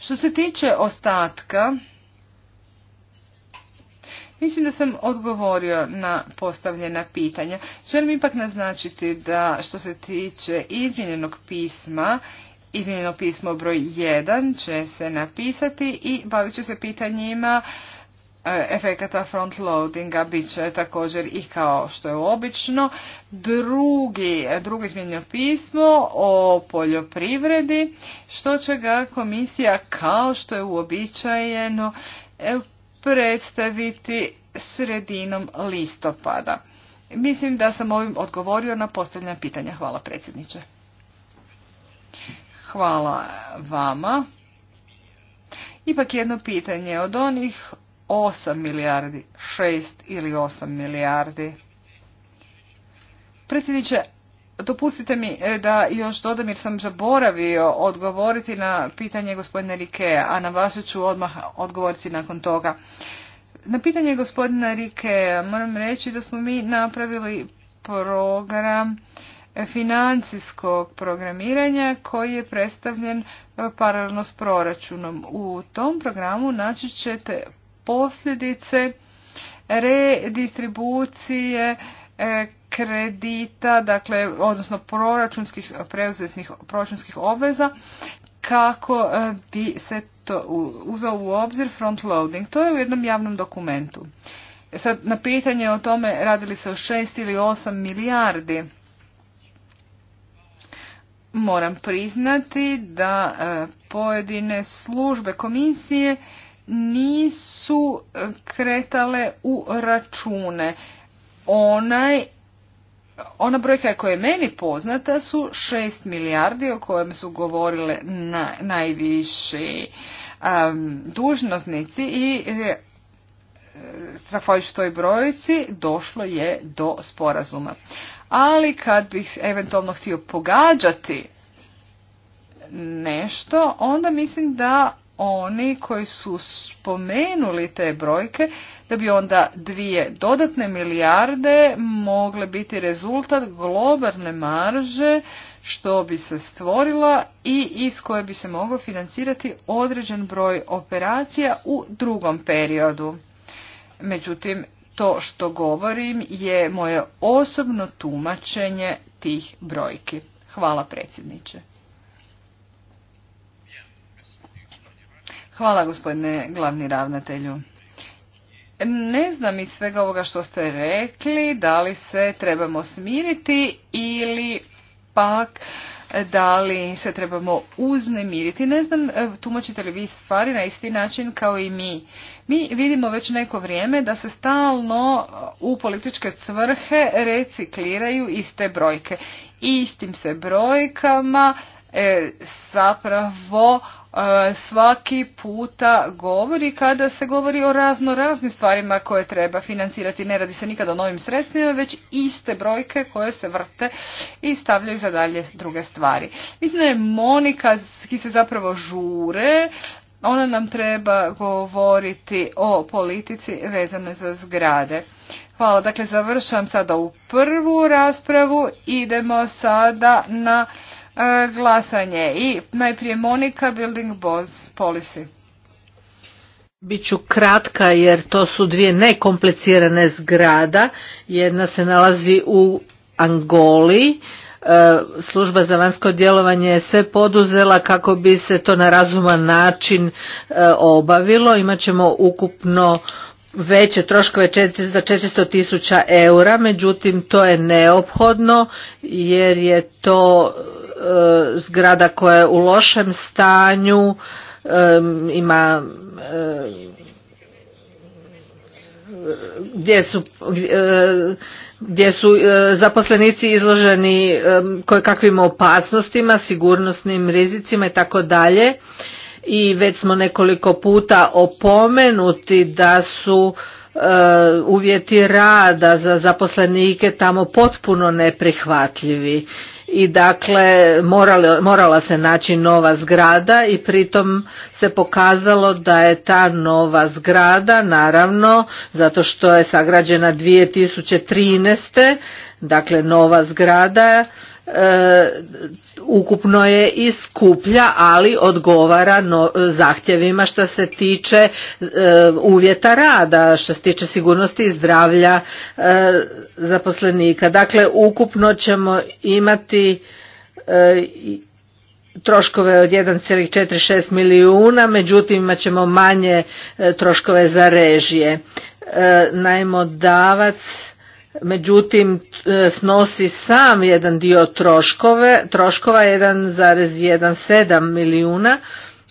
Što se tiče ostatka, Mislim da sam odgovorio na postavljena pitanja. Želim ipak naznačiti da što se tiče izmjenjenog pisma, izmjenjeno pismo broj 1 će se napisati i bavit će se pitanjima eh, efekata front loadinga bit će također i kao što je obično. Drugi, drugo pismo o poljoprivredi, što će ga komisija kao što je uobičajeno predstaviti sredinom listopada. Mislim da sam ovim odgovorio na postavljena pitanja. Hvala predsjedniče. Hvala vama. Ipak jedno pitanje od onih 8 milijardi, 6 ili 8 milijardi. Predsjedniče, Dopustite mi e, da još dodam jer sam zaboravio odgovoriti na pitanje gospodina Rikea, a na vaše ću odmah odgovoriti nakon toga. Na pitanje gospodina Rikea moram reći da smo mi napravili program financijskog programiranja koji je predstavljen e, paralelno s proračunom. U tom programu naći ćete posljedice redistribucije e, kredita, dakle, odnosno proračunskih preuzetnih proračunskih obveza kako e, bi se to uzeo u obzir front loading. To je u jednom javnom dokumentu. E, sad, na pitanje o tome radili se o 6 ili 8 milijardi, moram priznati da e, pojedine službe komisije nisu kretale u račune. Onaj ona brojka koja je meni poznata su 6 milijardi o kojem su govorile na, najviši um, dužnosnici i e, zahvaljujući toj brojici došlo je do sporazuma. Ali kad bih eventualno htio pogađati nešto, onda mislim da oni koji su spomenuli te brojke da bi onda dvije dodatne milijarde mogle biti rezultat globalne marže što bi se stvorila i iz koje bi se mogao financirati određen broj operacija u drugom periodu. Međutim, to što govorim je moje osobno tumačenje tih brojki. Hvala predsjedniče. Hvala gospodine glavni ravnatelju. Ne znam iz svega ovoga što ste rekli, da li se trebamo smiriti ili pak da li se trebamo uznemiriti. Ne znam, e, tumačite li vi stvari na isti način kao i mi. Mi vidimo već neko vrijeme da se stalno e, u političke svrhe recikliraju iste brojke. Istim se brojkama e, zapravo E, svaki puta govori kada se govori o razno raznim stvarima koje treba financirati. Ne radi se nikada o novim sredstvima, već iste brojke koje se vrte i stavljaju za dalje druge stvari. Mislim da je Monika, ki se zapravo žure, ona nam treba govoriti o politici vezane za zgrade. Hvala, dakle završam sada u prvu raspravu, idemo sada na E, glasanje. I najprije Monika Building Boss Policy. Biću kratka jer to su dvije nekomplicirane zgrada. Jedna se nalazi u Angoli. E, služba za vanjsko djelovanje je sve poduzela kako bi se to na razuman način e, obavilo. Imaćemo ukupno veće troškove za 400 tisuća eura, međutim to je neophodno jer je to E, zgrada koja je u lošem stanju, e, ima e, gdje su, gdje su zaposlenici izloženi kakvim opasnostima, sigurnosnim rizicima i tako dalje. I već smo nekoliko puta opomenuti da su uvjeti rada za zaposlenike tamo potpuno neprihvatljivi i dakle morala, morala se naći nova zgrada i pritom se pokazalo da je ta nova zgrada naravno zato što je sagrađena 2013. dakle nova zgrada E, ukupno je i skuplja, ali odgovara no, zahtjevima što se tiče e, uvjeta rada, što se tiče sigurnosti i zdravlja e, zaposlenika. Dakle, ukupno ćemo imati troškove od 1,46 milijuna, međutim imat ćemo manje troškove za režije. Najmodavac međutim e, snosi sam jedan dio troškove, troškova 1,17 milijuna,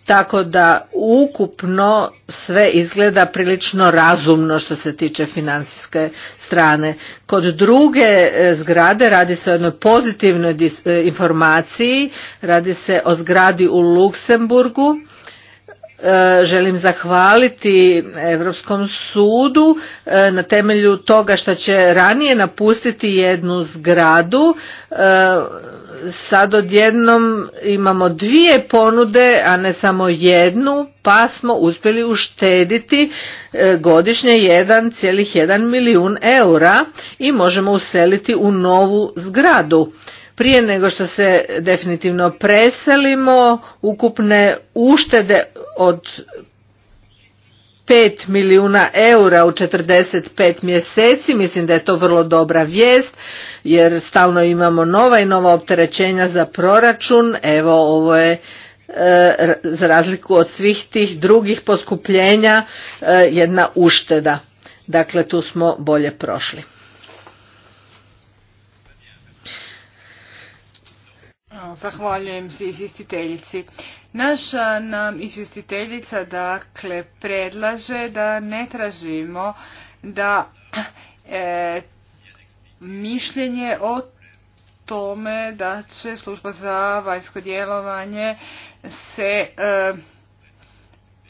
tako da ukupno sve izgleda prilično razumno što se tiče financijske strane. Kod druge e, zgrade radi se o jednoj pozitivnoj e, informaciji, radi se o zgradi u Luksemburgu E, želim zahvaliti Europskom sudu e, na temelju toga što će ranije napustiti jednu zgradu. E, sad odjednom imamo dvije ponude, a ne samo jednu, pa smo uspjeli uštediti godišnje 1,1 milijun eura i možemo useliti u novu zgradu prije nego što se definitivno preselimo ukupne uštede od 5 milijuna eura u 45 mjeseci. Mislim da je to vrlo dobra vijest jer stalno imamo nova i nova opterećenja za proračun. Evo ovo je e, za razliku od svih tih drugih poskupljenja e, jedna ušteda. Dakle, tu smo bolje prošli. Zahvaljujem se izvjestiteljici. Naša nam izvjestiteljica dakle predlaže da ne tražimo da e, mišljenje o tome da će služba za vanjsko djelovanje se e,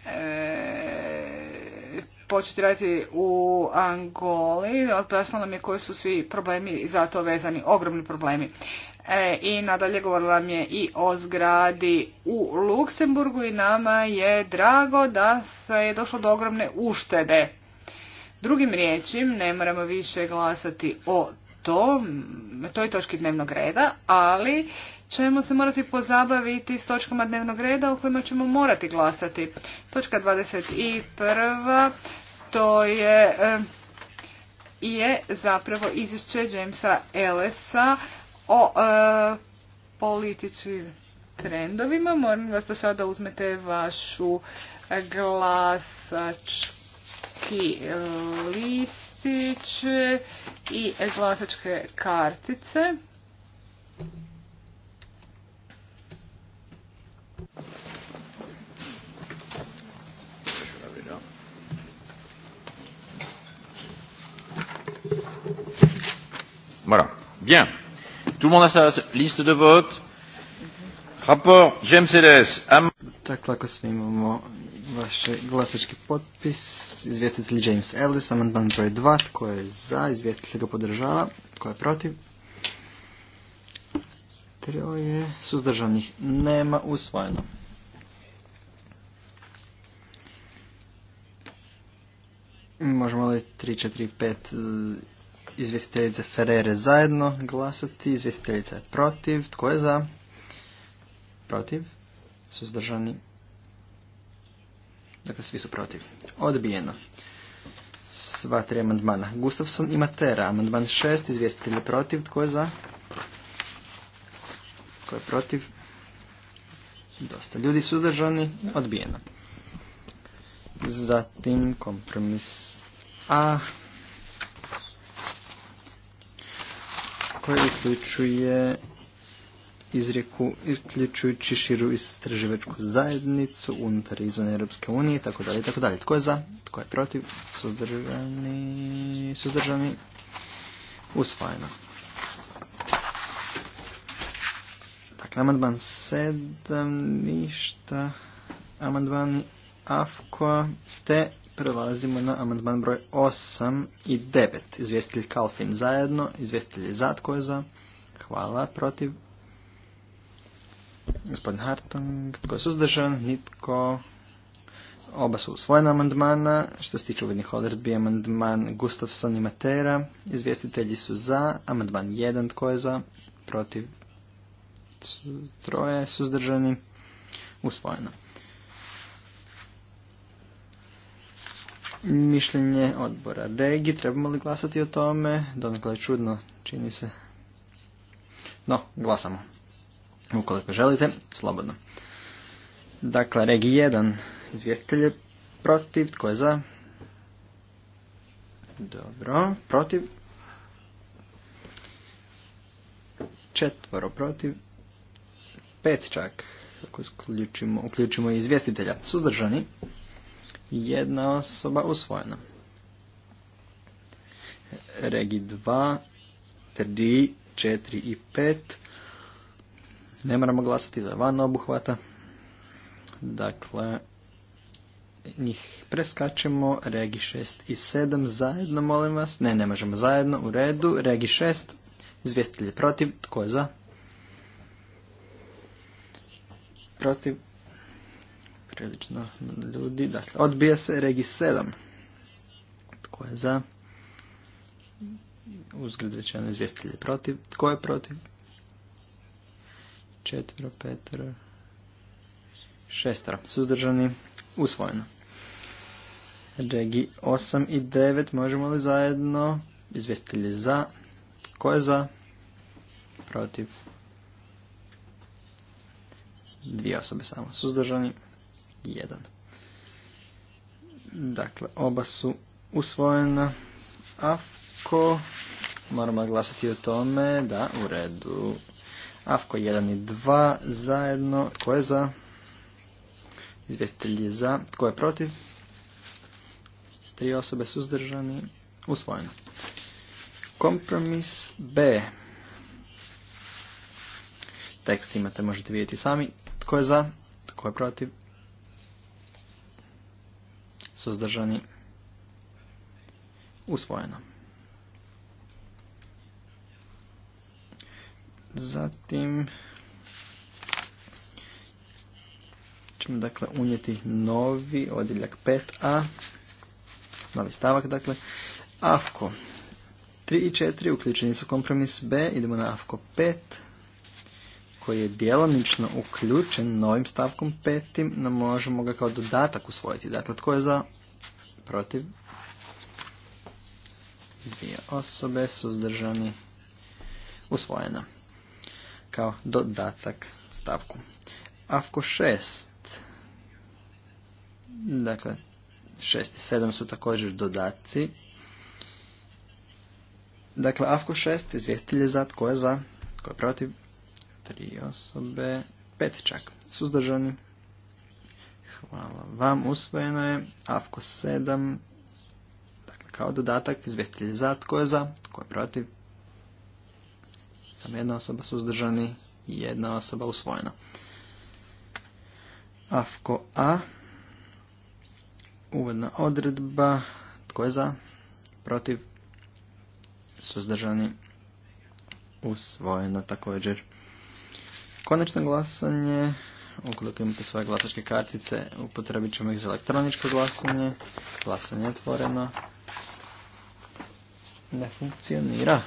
e, početi raditi u Angoli. Objasnila nam je koji su svi problemi za to vezani, ogromni problemi. E, i nadalje govorila mi je i o zgradi u Luksemburgu i nama je drago da se je došlo do ogromne uštede. Drugim riječim, ne moramo više glasati o tom, toj točki dnevnog reda, ali ćemo se morati pozabaviti s točkama dnevnog reda o kojima ćemo morati glasati. Točka 21. to je, e, je zapravo izvješće Jamesa Ellesa o e, političkim trendovima. moram vas da sada uzmete vašu glasački listić i glasačke kartice. Voilà. Bien. Tout le monde a sa liste de vote. Rapport James Ellis. Dakle, ako svi imamo vaše glasački potpis, izvjestitelj James Ellis, amandman broj 2, tko je za, izvjestitelj ga podržava, tko je protiv. Troje suzdržanih nema usvojeno. Možemo li 3, 4, 5 izvjestiteljice Ferrere zajedno glasati, izvjestiteljica protiv, tko je za? Protiv, suzdržani, dakle svi su protiv. Odbijeno. Sva tri amandmana. Gustafsson i Matera, amandman 6, izvjestitelj je protiv, tko je za? Tko je protiv? Dosta ljudi suzdržani, odbijeno. Zatim kompromis A, koji uključuje izrijeku isključujući širu istraživačku zajednicu unutar izvan Europske unije, tako dalje, tako dalje. Tko je za? Tko je protiv? Suzdržani? Suzdržani? Usvojeno. Dakle, amandman 7, ništa. Amandman AFKO, te Prelazimo na amandman broj 8 i 9. Izvjestitelj Kalfin zajedno, izvjestitelj je za, je za? Hvala, protiv. Gospodin Hartung, tko je suzdržan? Nitko. Oba su usvojena amandmana. Što se tiče uvodnih odredbi, amandman Gustafson i Matera. Izvjestitelji su za. Amandman 1, tko je za? Protiv. Troje suzdržani. Usvojeno. mišljenje odbora Regi, trebamo li glasati o tome, donekle je čudno, čini se. No, glasamo. Ukoliko želite, slobodno. Dakle, Regi 1, izvjestitelj je protiv, tko je za? Dobro, protiv. Četvoro protiv. Pet čak, ako uključimo, i izvjestitelja. Suzdržani jedna osoba usvojena. Regi 2, 3, 4 i 5. Ne moramo glasati za van obuhvata. Dakle, njih preskačemo. Regi 6 i 7 zajedno, molim vas. Ne, ne možemo zajedno. U redu. Regi 6. Izvjestitelj je protiv. Tko je za? Protiv prilično ljudi. Dakle, odbija se regi 7. Tko je za? Uzgled rečeno izvjestitelj protiv. Tko je protiv? Četvero, petro, šestro. Suzdržani, usvojeno. Regi 8 i 9 možemo li zajedno? Izvjestitelj za. Tko je za? Protiv. Dvije osobe samo. Suzdržani. Dakle, oba su usvojena. Afko, moramo glasati o tome, da, u redu. Afko 1 i 2 zajedno, tko je za? Izvjetitelji za, tko je protiv? Tri osobe suzdržani, usvojeno. Kompromis B. Tekst imate, možete vidjeti sami. Tko je za, tko je protiv, suzdržani, usvojeno. Zatim ćemo dakle unijeti novi odjeljak 5a, novi stavak dakle, AFKO 3 i 4 uključeni su kompromis B, idemo na AFKO 5, koji je djelomično uključen novim stavkom petim, no možemo ga kao dodatak usvojiti. Dakle, tko je za? Protiv? Dvije osobe suzdržani usvojena. Kao dodatak stavku. Afko šest. Dakle, 6 i sedam su također dodaci. Dakle, Afko šest, izvjestitelj za, tko je za, tko je protiv, Tri osobe, pet čak, suzdržani. Hvala vam, usvojeno je. AFKO 7, dakle kao dodatak, izvjestitelj za, tko je za, tko je protiv. Samo jedna osoba suzdržani i jedna osoba usvojena. AFKO A, uvodna odredba, tko je za, protiv, suzdržani, usvojeno također. Konačno glasanje, ukoliko imate svoje glasačke kartice, upotrebit ćemo ih za elektroničko glasanje. Glasanje je otvoreno. Ne funkcionira.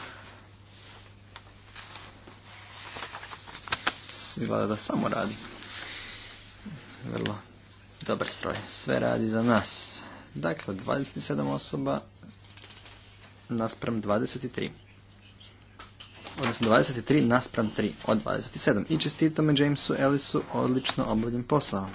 Izgleda da samo radi. Vrlo dobar stroj. Sve radi za nas. Dakle, 27 osoba Nasprem 23 odnosno 23 naspram 3 od 27. I čestitome Jamesu Ellisu odlično obavljen posao.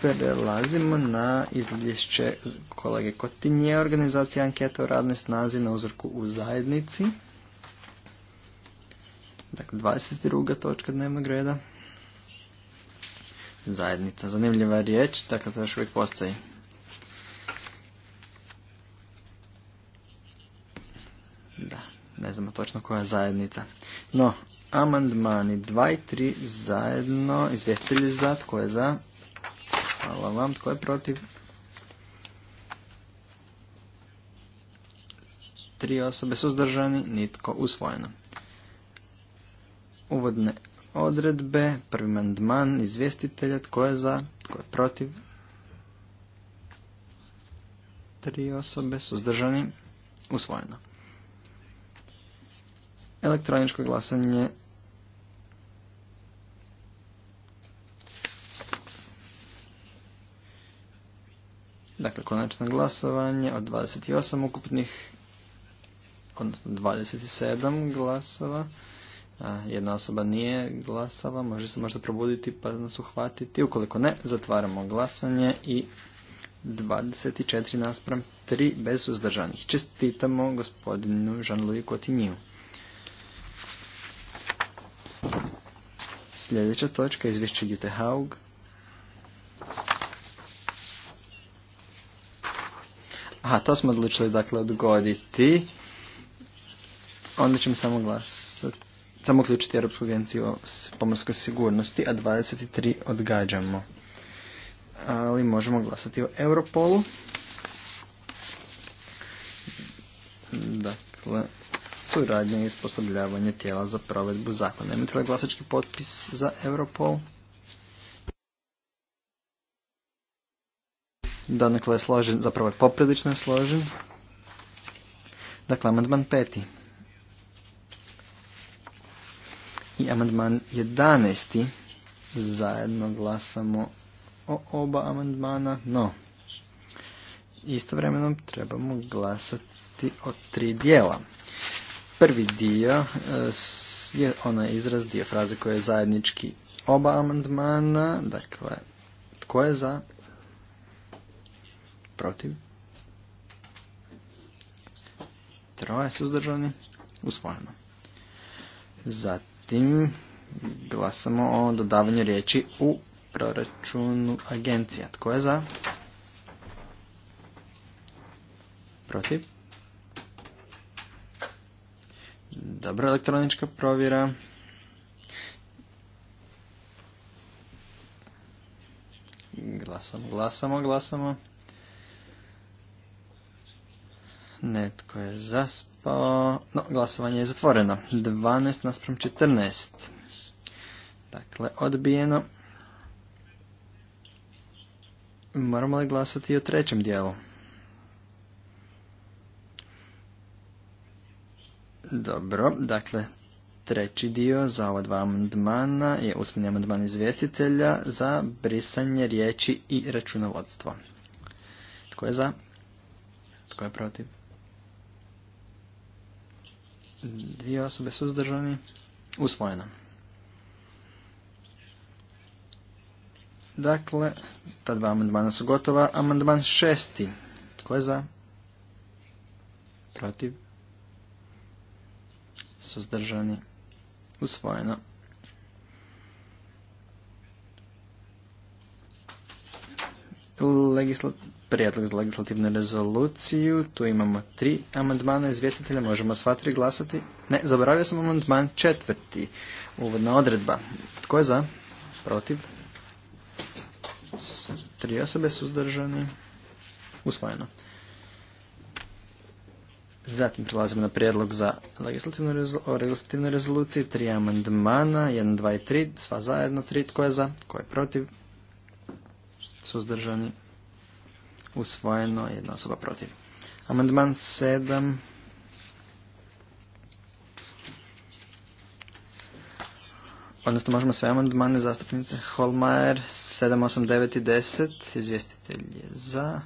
Prelazimo na izvješće kolege Kotinje, organizacija anketa o radnoj snazi na uzorku u zajednici. Dakle, 22. točka dnevnog reda. Zajednica, zanimljiva riječ, dakle to još uvijek postoji. točno koja zajednica. No, amandmani 2 i 3 zajedno, izvjestitelji za, tko je za? Hvala vam, tko je protiv? Tri osobe suzdržani, nitko usvojeno. Uvodne odredbe, prvi amandman, izvjestitelja, tko je za, tko je protiv? Tri osobe suzdržani, usvojeno. Elektroničko glasanje. Dakle, konačno glasovanje od 28 ukupnih, odnosno 27 glasova. Jedna osoba nije glasala, može se možda probuditi pa nas uhvatiti. Ukoliko ne, zatvaramo glasanje i 24 naspram 3 bez uzdržanih. Čestitamo gospodinu Jean-Louis Cotiniju. Sljedeća točka, izvješće Jute Haug. Aha, to smo odlučili dakle odgoditi. Onda ćemo samo glasati. Samo uključiti Europsku agenciju o pomorskoj sigurnosti, a 23 odgađamo. Ali možemo glasati o Europolu. radnje i isposobljavanje tijela za provedbu zakona. Imate li glasački potpis za Europol? Donekle je složen, zapravo je poprilično složen. Dakle, amandman peti. I amandman jedanesti. Zajedno glasamo o oba amandmana, no istovremeno trebamo glasati o tri dijela. Prvi dio e, je onaj izraz dio fraze koje je zajednički oba amandmana, dakle, tko je za, protiv, troje suzdržani, usvojeno. Zatim glasamo o dodavanju riječi u proračunu agencija. Tko je za? Protiv? Dobro, elektronička provjera. Glasamo, glasamo, glasamo. Netko je zaspao. No, glasovanje je zatvoreno. 12 naspram 14. Dakle, odbijeno. Moramo li glasati i o trećem dijelu? Dobro, dakle, treći dio za ova dva amandmana je usmeni amandman izvjestitelja za brisanje riječi i računovodstvo. Tko je za? Tko je protiv? Dvije osobe suzdržani. Usvojeno. Dakle, ta dva amandmana su gotova. Amandman šesti. Tko je za? Protiv? suzdržani, usvojeno. Prijedlog za legislativnu rezoluciju, tu imamo tri amandmana izvjestitelja, možemo sva tri glasati. Ne, zaboravio sam amandman četvrti, uvodna odredba. Tko je za? Protiv? Tri osobe suzdržani, usvojeno. Zatim prelazimo na prijedlog za legislativnu, rezol o legislativnoj rezoluciji. Tri amandmana, 1, 2 i 3, sva zajedno, 3, tko je za, tko je protiv, suzdržani, usvojeno, jedna osoba protiv. Amandman 7, odnosno možemo sve amandmane zastupnice Holmajer, 7, 8, 9 i 10, izvjestitelj je za,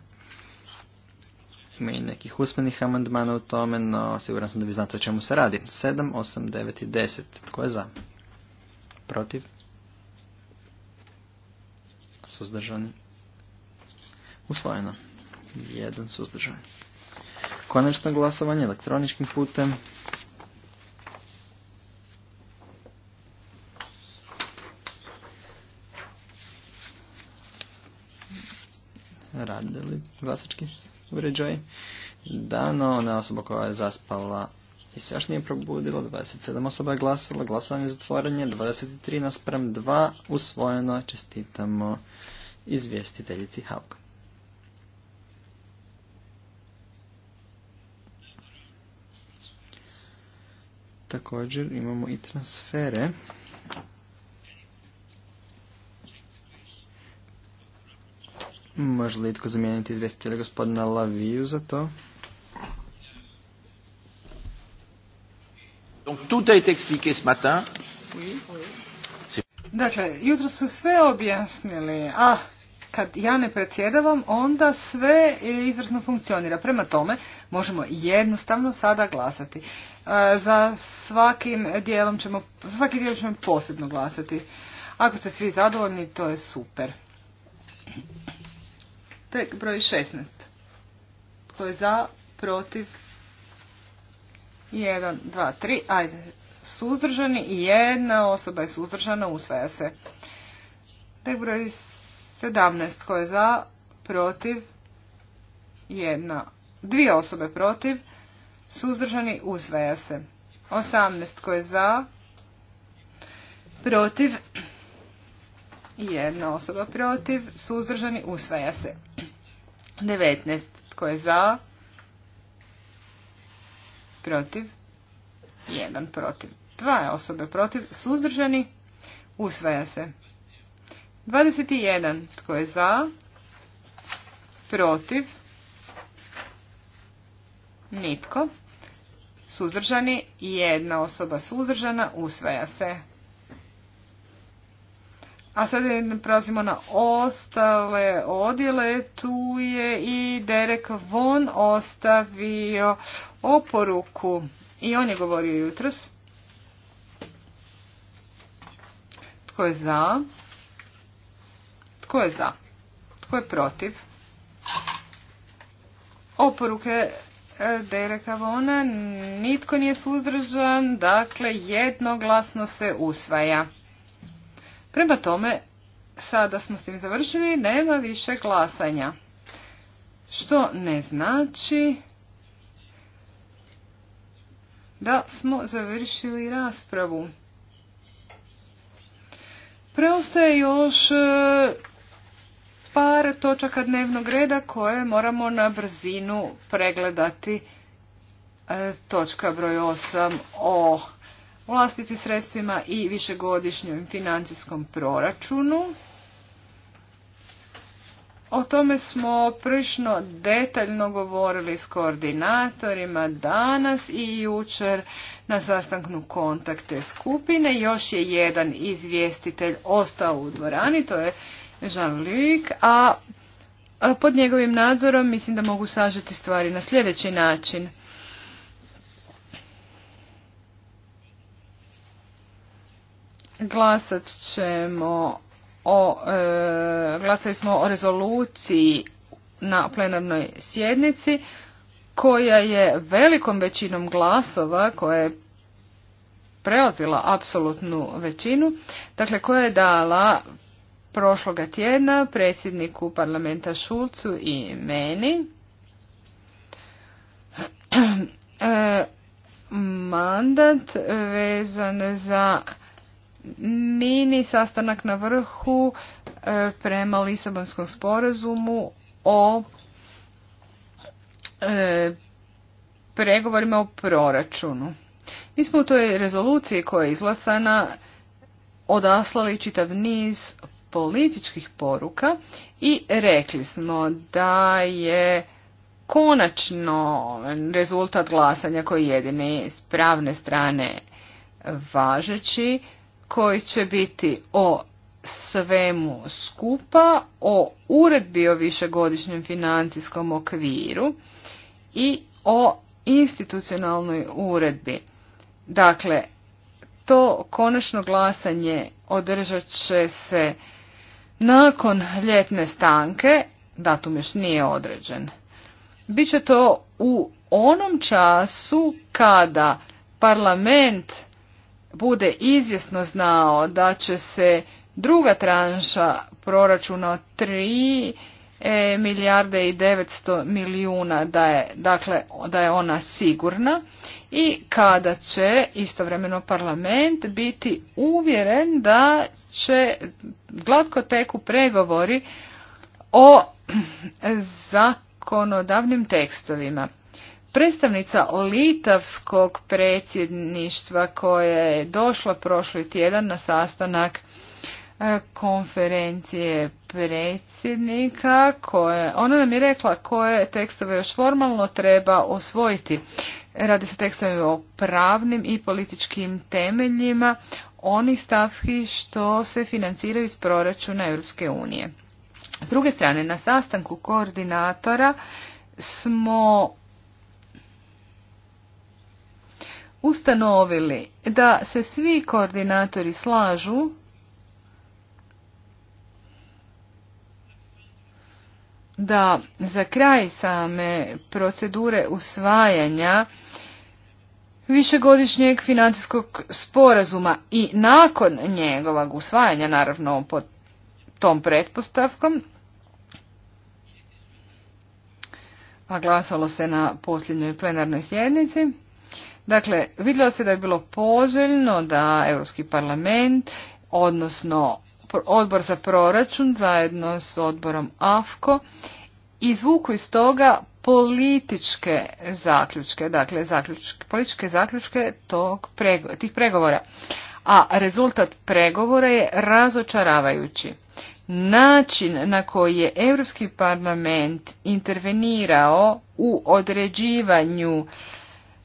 ima i nekih usmenih amandmana u tome, no siguran sam da vi znate o čemu se radi. 7, 8, 9 i 10. Tko je za? Protiv? Suzdržani? Usvojeno. Jedan suzdržan. Konačno glasovanje elektroničkim putem. Radili glasački? glasački? uređaj dano, ona osoba koja je zaspala i se još nije probudila, 27 osoba je glasala, glasovanje zatvorenje, 23 naspram 2, usvojeno, čestitamo izvjestiteljici Hauk. Također imamo i transfere. Može li itko zamijeniti izvjestitelja gospodina Laviju za to? Donc tout a été Dakle, jutro su sve objasnili. a ah, kad ja ne predsjedavam, onda sve izvrsno funkcionira. Prema tome, možemo jednostavno sada glasati. E, za svakim dijelom ćemo, za svaki dijelom ćemo posebno glasati. Ako ste svi zadovoljni, to je super. Tek broj 16. Tko je za, protiv, 1, 2, 3, ajde, suzdržani i jedna osoba je suzdržana, usvaja se. Tek broj 17. Tko je za, protiv, jedna, dvije osobe protiv, suzdržani, usvaja se. 18. Tko je za, protiv, jedna osoba protiv, suzdržani, usvaja se. 19. Tko je za? Protiv? Jedan protiv. Dva osobe protiv. Suzdržani? Usvaja se. 21. Tko je za? Protiv? Nitko. Suzdržani? Jedna osoba suzdržana. Usvaja se. A sada prelazimo na ostale odjele. Tu je i Derek Von ostavio oporuku. I on je govorio jutros. Tko je za? Tko je za? Tko je protiv? Oporuke e, Dereka Vona. Nitko nije suzdržan. Dakle, jednoglasno se usvaja. Prema tome, sada smo s tim završili, nema više glasanja. Što ne znači da smo završili raspravu. Preostaje još e, par točaka dnevnog reda koje moramo na brzinu pregledati. E, točka broj 8 o vlastiti sredstvima i višegodišnjom financijskom proračunu. O tome smo prilično detaljno govorili s koordinatorima danas i jučer na sastanku kontakte skupine. Još je jedan izvjestitelj ostao u dvorani, to je Jean-Luc, a pod njegovim nadzorom mislim da mogu sažeti stvari na sljedeći način. Glasat ćemo o, e, glasali smo o rezoluciji na plenarnoj sjednici koja je velikom većinom glasova koja je prelazila apsolutnu većinu, dakle koja je dala prošloga tjedna predsjedniku parlamenta Šulcu i meni e, mandat vezan za mini sastanak na vrhu e, prema Lisabonskom sporazumu o e, pregovorima o proračunu. Mi smo u toj rezoluciji koja je izglasana odaslali čitav niz političkih poruka i rekli smo da je konačno rezultat glasanja koji je jedini s pravne strane važeći koji će biti o svemu skupa, o uredbi o višegodišnjem financijskom okviru i o institucionalnoj uredbi. Dakle, to konačno glasanje održat će se nakon ljetne stanke, datum još nije određen. Biće to u onom času kada parlament bude izvjesno znao da će se druga tranša proračuna od 3 e, milijarde i 900 milijuna da je, dakle, da je ona sigurna i kada će istovremeno parlament biti uvjeren da će glatko teku pregovori o zakonodavnim tekstovima. Predstavnica litavskog predsjedništva koja je došla prošli tjedan na sastanak e, konferencije predsjednika koje, ona nam je rekla koje tekstove još formalno treba osvojiti. Radi se tekstove o pravnim i političkim temeljima onih stavki što se financiraju iz proračuna Europske unije. S druge strane, na sastanku koordinatora smo ustanovili da se svi koordinatori slažu da za kraj same procedure usvajanja višegodišnjeg financijskog sporazuma i nakon njegovog usvajanja, naravno pod tom pretpostavkom, a glasalo se na posljednjoj plenarnoj sjednici, Dakle, vidjelo se da je bilo poželjno da Europski parlament, odnosno odbor za proračun zajedno s odborom AFKO, izvuku iz toga političke zaključke, dakle zaključke, političke zaključke tog tih pregovora. A rezultat pregovora je razočaravajući. Način na koji je Europski parlament intervenirao u određivanju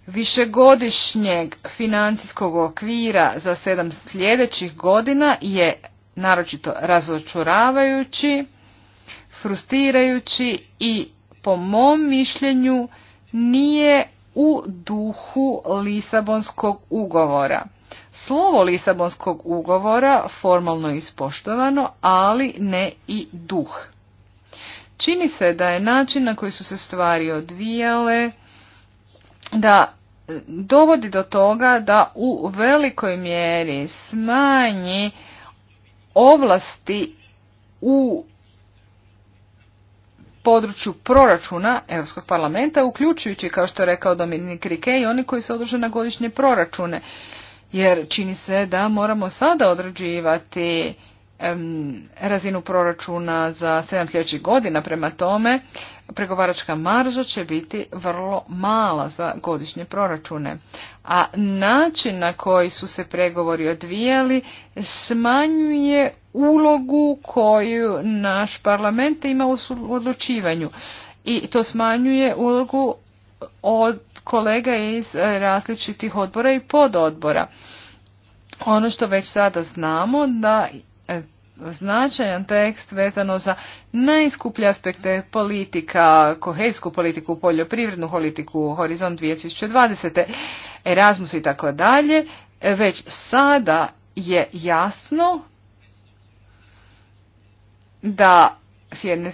višegodišnjeg financijskog okvira za sedam sljedećih godina je naročito razočuravajući, frustrirajući i po mom mišljenju nije u duhu Lisabonskog ugovora. Slovo Lisabonskog ugovora formalno ispoštovano, ali ne i duh. Čini se da je način na koji su se stvari odvijale da dovodi do toga da u velikoj mjeri smanji ovlasti u području proračuna Europskog parlamenta, uključujući, kao što je rekao Dominik Rike, i oni koji se održe na godišnje proračune. Jer čini se da moramo sada određivati razinu proračuna za 7 sljedećih godina. Prema tome, pregovaračka marža će biti vrlo mala za godišnje proračune. A način na koji su se pregovori odvijali smanjuje ulogu koju naš parlament ima u odlučivanju. I to smanjuje ulogu od kolega iz različitih odbora i pododbora. Ono što već sada znamo da značajan tekst vezano za najskuplje aspekte politika, kohezijsku politiku, poljoprivrednu politiku, horizont 2020. Erasmus i tako dalje. Već sada je jasno da s jedne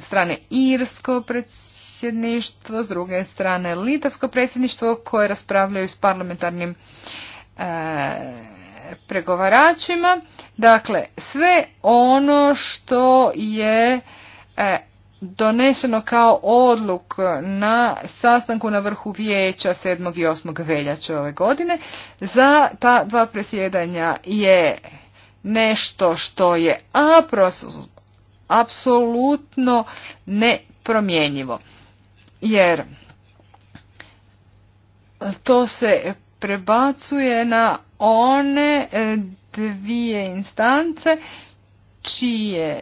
strane Irsko predsjedništvo, s druge strane Litavsko predsjedništvo koje raspravljaju s parlamentarnim e, pregovaračima Dakle, sve ono što je e, doneseno kao odluk na sastanku na vrhu vijeća 7. i 8. veljače ove godine za ta dva presjedanja je nešto što je apsolutno nepromjenjivo. Jer to se prebacuje na one dvije instance čije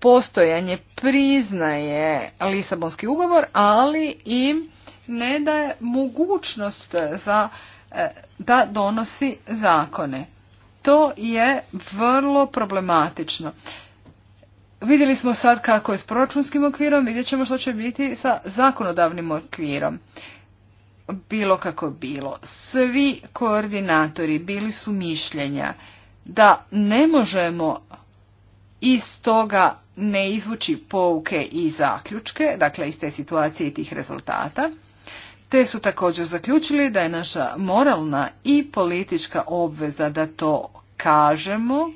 postojanje priznaje Lisabonski ugovor, ali im ne daje mogućnost za, e, da donosi zakone. To je vrlo problematično. Vidjeli smo sad kako je s proračunskim okvirom, vidjet ćemo što će biti sa zakonodavnim okvirom. Bilo kako bilo, svi koordinatori bili su mišljenja da ne možemo iz toga ne izvući pouke i zaključke, dakle iz te situacije i tih rezultata, te su također zaključili da je naša moralna i politička obveza da to kažemo,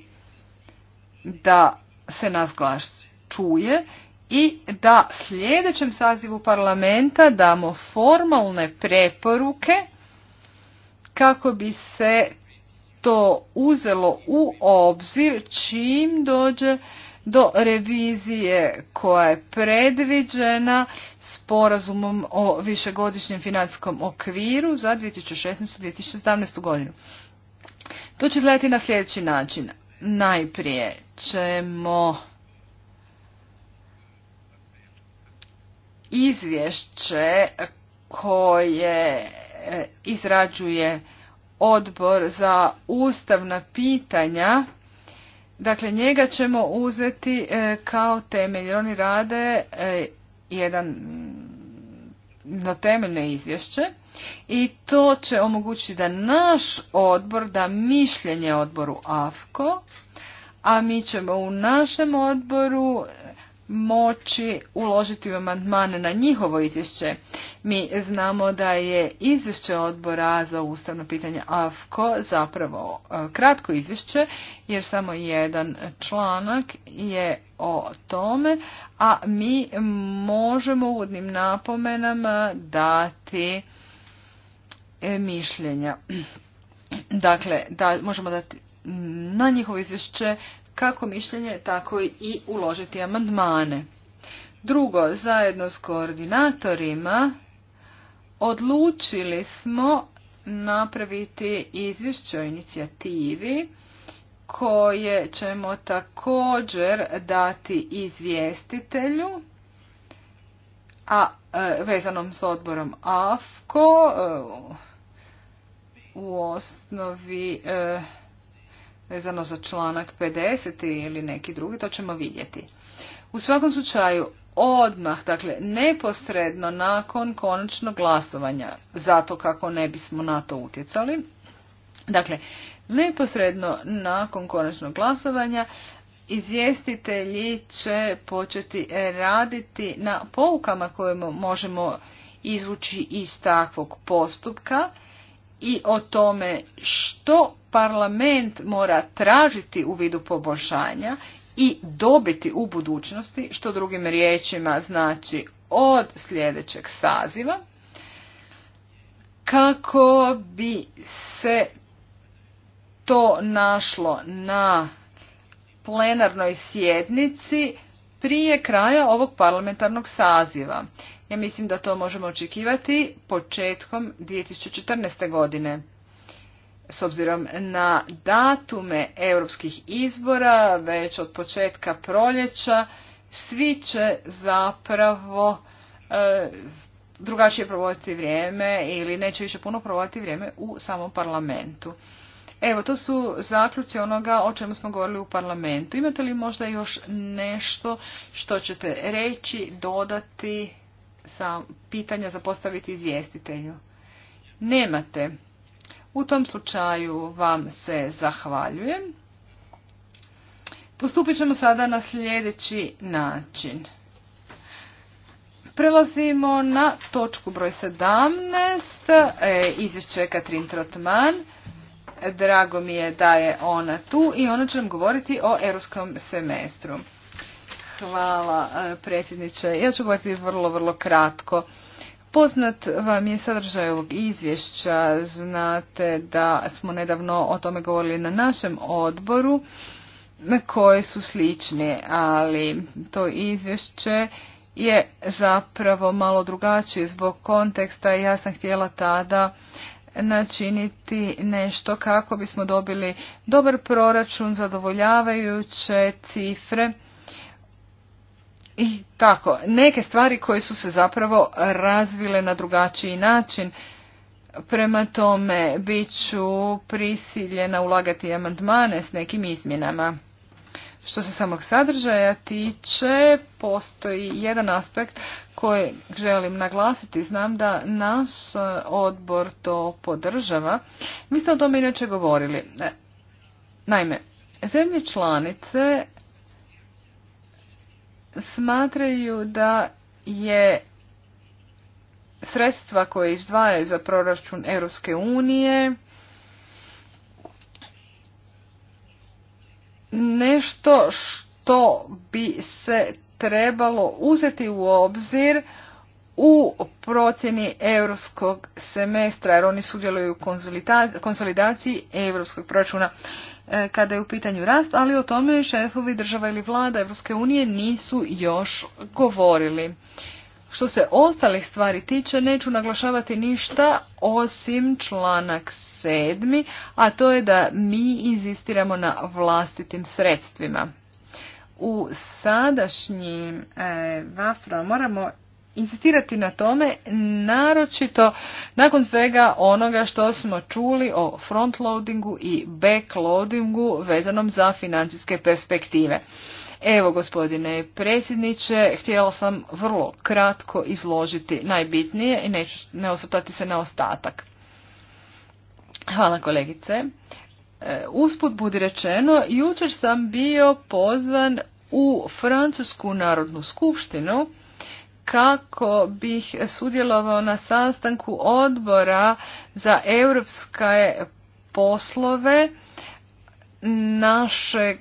da se nas glas čuje i da sljedećem sazivu parlamenta damo formalne preporuke kako bi se to uzelo u obzir čim dođe do revizije koja je predviđena sporazumom o višegodišnjem financijskom okviru za 2016-2017 godinu. To će gledati na sljedeći način. Najprije ćemo izvješće koje e, izrađuje odbor za ustavna pitanja. Dakle, njega ćemo uzeti e, kao temelj. Oni rade e, jedan na temeljno izvješće i to će omogućiti da naš odbor da mišljenje odboru AFKO, a mi ćemo u našem odboru moći uložiti u amandmane na njihovo izvješće. Mi znamo da je izvješće odbora za ustavno pitanje AFKO zapravo e, kratko izvješće jer samo jedan članak je o tome, a mi možemo uvodnim napomenama dati e, mišljenja. Dakle, da, možemo dati na njihovo izvješće kako mišljenje, tako i uložiti amandmane. Drugo, zajedno s koordinatorima odlučili smo napraviti izvješće o inicijativi koje ćemo također dati izvjestitelju a e, vezanom s odborom AFKO u osnovi e, vezano za članak 50 ili neki drugi, to ćemo vidjeti. U svakom slučaju, odmah, dakle, neposredno nakon konačnog glasovanja, zato kako ne bismo na to utjecali, dakle, neposredno nakon konačnog glasovanja, izvjestitelji će početi raditi na poukama koje možemo izvući iz takvog postupka i o tome što parlament mora tražiti u vidu poboljšanja i dobiti u budućnosti, što drugim riječima znači od sljedećeg saziva, kako bi se to našlo na plenarnoj sjednici prije kraja ovog parlamentarnog saziva. Ja mislim da to možemo očekivati početkom 2014. godine s obzirom na datume europskih izbora, već od početka proljeća, svi će zapravo e, drugačije provoditi vrijeme ili neće više puno provoditi vrijeme u samom parlamentu. Evo, to su zaključci onoga o čemu smo govorili u parlamentu. Imate li možda još nešto što ćete reći, dodati, sa pitanja za postaviti izvjestitelju? Nemate. U tom slučaju vam se zahvaljujem. Postupit ćemo sada na sljedeći način. Prelazimo na točku broj 17, e, izvješće Katrin Trotman. Drago mi je da je ona tu i ona će nam govoriti o europskom semestru. Hvala e, predsjedniče. Ja ću govoriti vrlo, vrlo kratko. Poznat vam je sadržaj ovog izvješća, znate da smo nedavno o tome govorili na našem odboru koje su slične, ali to izvješće je zapravo malo drugačije zbog konteksta i ja sam htjela tada načiniti nešto kako bismo dobili dobar proračun, zadovoljavajuće cifre i tako, neke stvari koje su se zapravo razvile na drugačiji način. Prema tome, bit ću prisiljena ulagati amandmane s nekim izmjenama. Što se samog sadržaja tiče, postoji jedan aspekt koji želim naglasiti. Znam da naš odbor to podržava. Mi ste o tome inače govorili. Naime, zemlje članice smatraju da je sredstva koje izdvajaju za proračun Europske unije nešto što bi se trebalo uzeti u obzir u procjeni europskog semestra, jer oni sudjeluju u konsolidaciji europskog proračuna e, kada je u pitanju rast, ali o tome šefovi država ili vlada Europske unije nisu još govorili. Što se ostalih stvari tiče, neću naglašavati ništa osim članak sedmi, a to je da mi inzistiramo na vlastitim sredstvima. U sadašnjim e, moramo Inzistirati na tome, naročito nakon svega onoga što smo čuli o frontloadingu i backloadingu vezanom za financijske perspektive. Evo, gospodine predsjedniče, htjela sam vrlo kratko izložiti najbitnije i neću ne osvrtati se na ostatak. Hvala kolegice. E, usput budi rečeno, jučer sam bio pozvan u Francusku narodnu skupštinu kako bih sudjelovao na sastanku odbora za europske poslove našeg,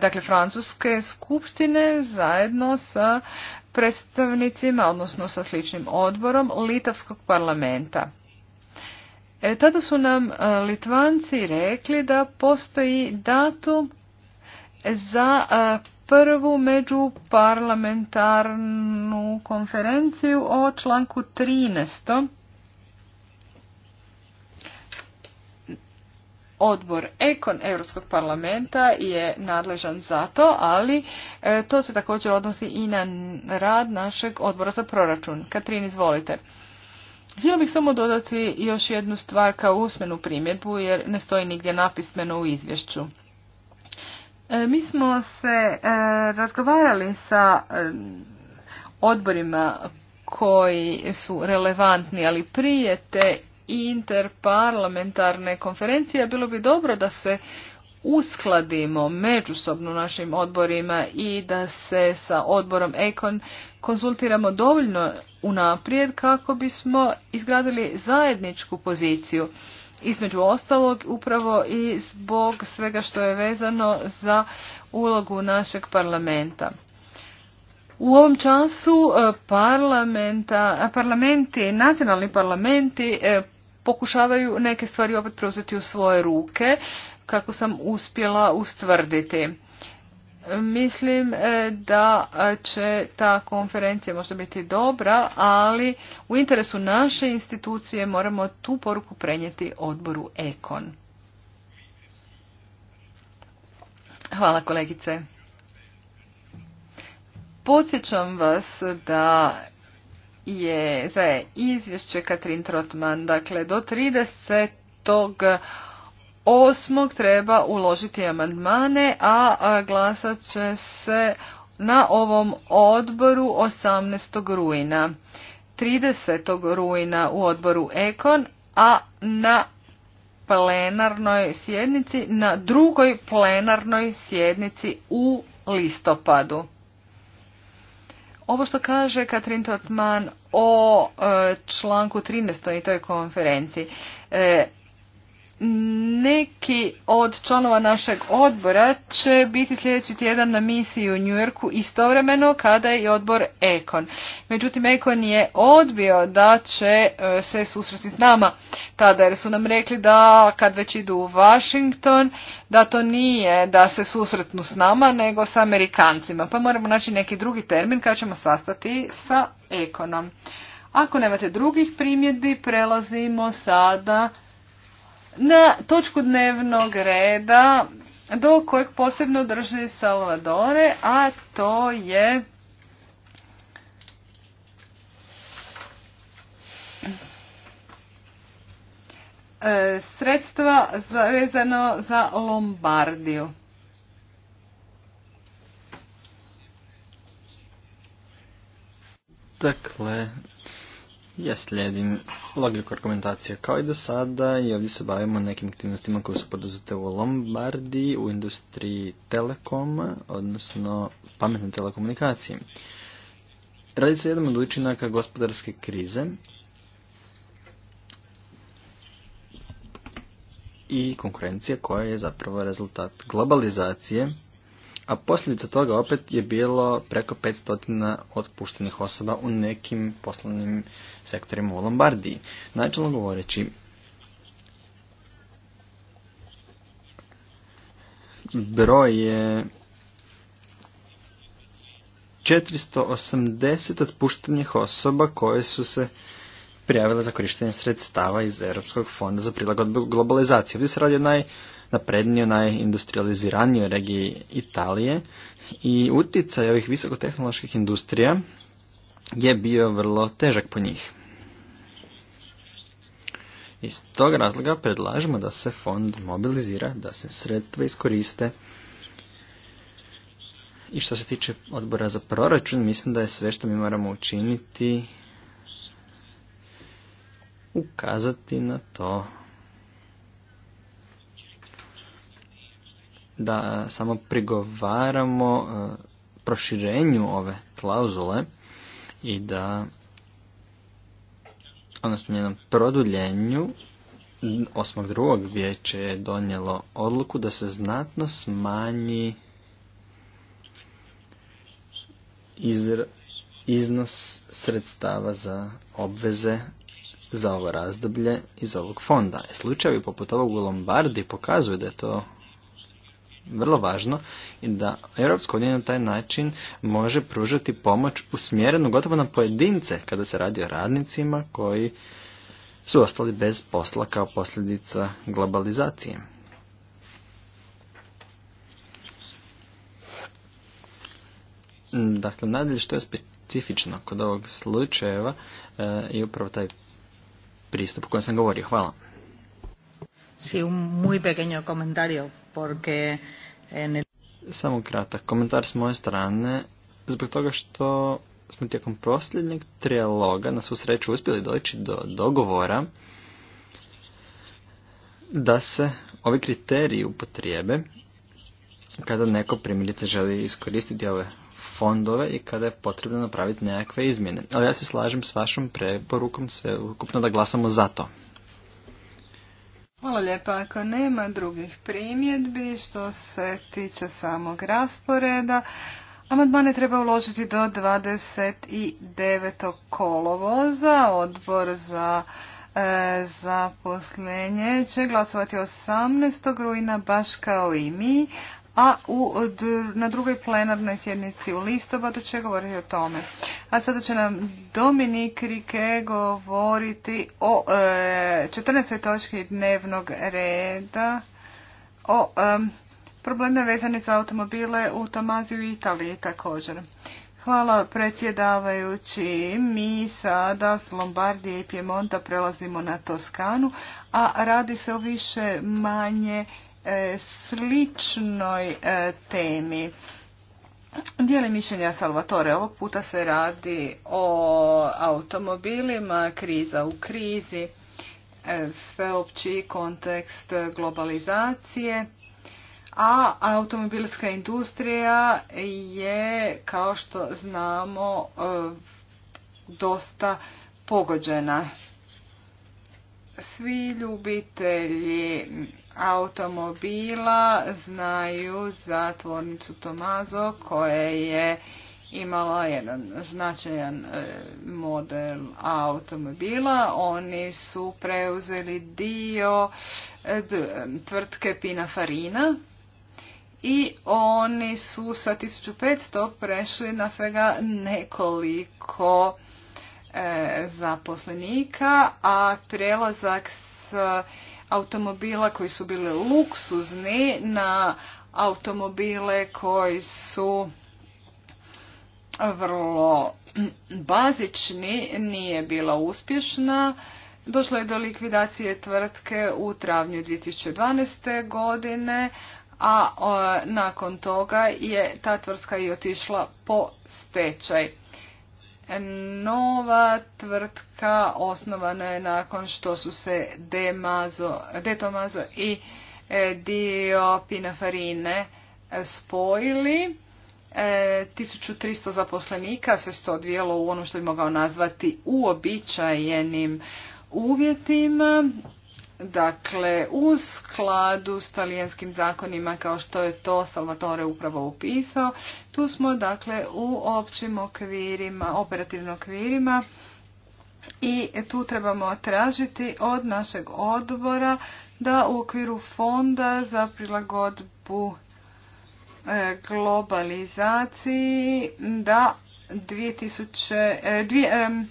dakle Francuske skupštine zajedno sa predstavnicima, odnosno sa sličnim odborom Litavskog parlamenta. E, tada su nam e, Litvanci rekli da postoji datum za e, prvu među parlamentarnu konferenciju o članku 13. Odbor Ekon Europskog parlamenta je nadležan za to, ali e, to se također odnosi i na rad našeg odbora za proračun. Katrin, izvolite. Htio bih samo dodati još jednu stvar kao usmenu primjedbu jer ne stoji nigdje napismeno u izvješću. E, mi smo se e, razgovarali sa e, odborima koji su relevantni, ali prije te interparlamentarne konferencije bilo bi dobro da se uskladimo međusobno našim odborima i da se sa odborom Ekon konzultiramo dovoljno unaprijed kako bismo izgradili zajedničku poziciju između ostalog upravo i zbog svega što je vezano za ulogu našeg parlamenta. U ovom času e, parlamenta, parlamenti, nacionalni parlamenti e, pokušavaju neke stvari opet preuzeti u svoje ruke kako sam uspjela ustvrditi. Mislim e, da će ta konferencija možda biti dobra, ali u interesu naše institucije moramo tu poruku prenijeti odboru Ekon. Hvala kolegice. Podsjećam vas da je za izvješće Katrin Trotman, dakle do 30. Osmog treba uložiti amandmane, a glasat će se na ovom odboru 18. rujna. 30. rujna u odboru Ekon, a na plenarnoj sjednici, na drugoj plenarnoj sjednici u listopadu. Ovo što kaže Katrin Totman o e, članku 13. i toj konferenciji. E, neki od članova našeg odbora će biti sljedeći tjedan na misiji u Njujorku istovremeno kada je i odbor Ekon. Međutim, Ekon je odbio da će e, se susretni s nama tada jer su nam rekli da kad već idu u Washington da to nije da se susretnu s nama nego sa Amerikancima. Pa moramo naći neki drugi termin kada ćemo sastati sa Ekonom. Ako nemate drugih primjedbi prelazimo sada na točku dnevnog reda do kojeg posebno drži Salvadore, a to je e, sredstva zavezano za Lombardiju. Dakle, ja slijedim logiku argumentacije kao i do sada i ovdje se bavimo nekim aktivnostima koje su poduzete u Lombardi, u industriji telekom, odnosno pametne telekomunikacije. Radi se o jednom od učinaka gospodarske krize i konkurencije koja je zapravo rezultat globalizacije a posljedica toga opet je bilo preko 500 otpuštenih osoba u nekim poslovnim sektorima u Lombardiji. Načelno govoreći, broj je 480 otpuštenih osoba koje su se prijavile za korištenje sredstava iz Europskog fonda za prilagodbu globalizacije. Ovdje se radi o naj napredniju najindustrializiranijoj regiji Italije i utjecaj ovih visokotehnoloških industrija je bio vrlo težak po njih. Iz tog razloga predlažemo da se fond mobilizira, da se sredstva iskoriste. I što se tiče odbora za proračun, mislim da je sve što mi moramo učiniti ukazati na to da e, samo prigovaramo e, proširenju ove klauzule i da odnosno njenom produljenju drugog vijeće je donijelo odluku da se znatno smanji iznos sredstava za obveze za ovo razdoblje iz ovog fonda. E, slučajevi poput ovog u Lombardi pokazuju da je to vrlo važno i da Europska unija na taj način može pružati pomoć usmjerenu gotovo na pojedince kada se radi o radnicima koji su ostali bez posla kao posljedica globalizacije. Dakle, nadalje što je specifično kod ovog slučajeva e, i upravo taj pristup o kojem sam govorio. Hvala. Sí, un muy pequeño samo kratak komentar s moje strane, zbog toga što smo tijekom posljednjeg trijaloga na svu sreću uspjeli doći do dogovora da se ovi kriteriji upotrijebe kada neko primjerice želi iskoristiti ove fondove i kada je potrebno napraviti nekakve izmjene. Ali ja se slažem s vašom preporukom sve ukupno da glasamo za to. Hvala lijepa. Ako nema drugih primjedbi što se tiče samog rasporeda, amandmane treba uložiti do 29. kolovoza. Odbor za e, zaposlenje će glasovati 18. rujna baš kao i mi, a u, na drugoj plenarnoj sjednici u listopadu će govoriti o tome. A sada će nam Dominik Rike govoriti o e, 14. točki dnevnog reda o e, probleme za automobile u Tomaziju i Italiji također. Hvala predsjedavajući. Mi sada s Lombardije i Pjemonta prelazimo na Toskanu, a radi se o više manje E, sličnoj e, temi. Dijeli mišljenja Salvatore, ovog puta se radi o automobilima, kriza u krizi, e, sveopći kontekst globalizacije, a automobilska industrija je, kao što znamo, dosta pogođena. Svi ljubitelji automobila znaju za tvornicu Tomazo koja je imala jedan značajan e, model automobila. Oni su preuzeli dio e, tvrtke Pinafarina i oni su sa 1500 prešli na svega nekoliko e, zaposlenika, a prelazak s automobila koji su bili luksuzni na automobile koji su vrlo bazični, nije bila uspješna. Došlo je do likvidacije tvrtke u travnju 2012. godine, a nakon toga je ta tvrtka i otišla po stečaj nova tvrtka osnovana je nakon što su se De, i e, dio Pinafarine e, spojili. 1300 e, zaposlenika sve se to odvijelo u ono što bi mogao nazvati uobičajenim uvjetima dakle u skladu s talijanskim zakonima kao što je to Salvatore upravo upisao. Tu smo dakle u općim okvirima, operativnim okvirima i tu trebamo tražiti od našeg odbora da u okviru fonda za prilagodbu e, globalizaciji da 2000,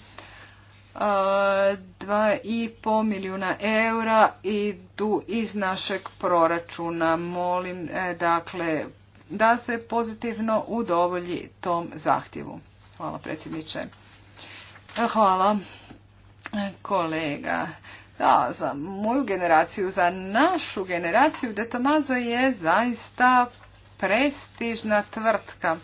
2,5 milijuna eura idu iz našeg proračuna. Molim e, dakle da se pozitivno udovolji tom zahtjevu. Hvala predsjedniče. E, hvala e, kolega. Da, za moju generaciju, za našu generaciju, Detomazo je zaista prestižna tvrtka.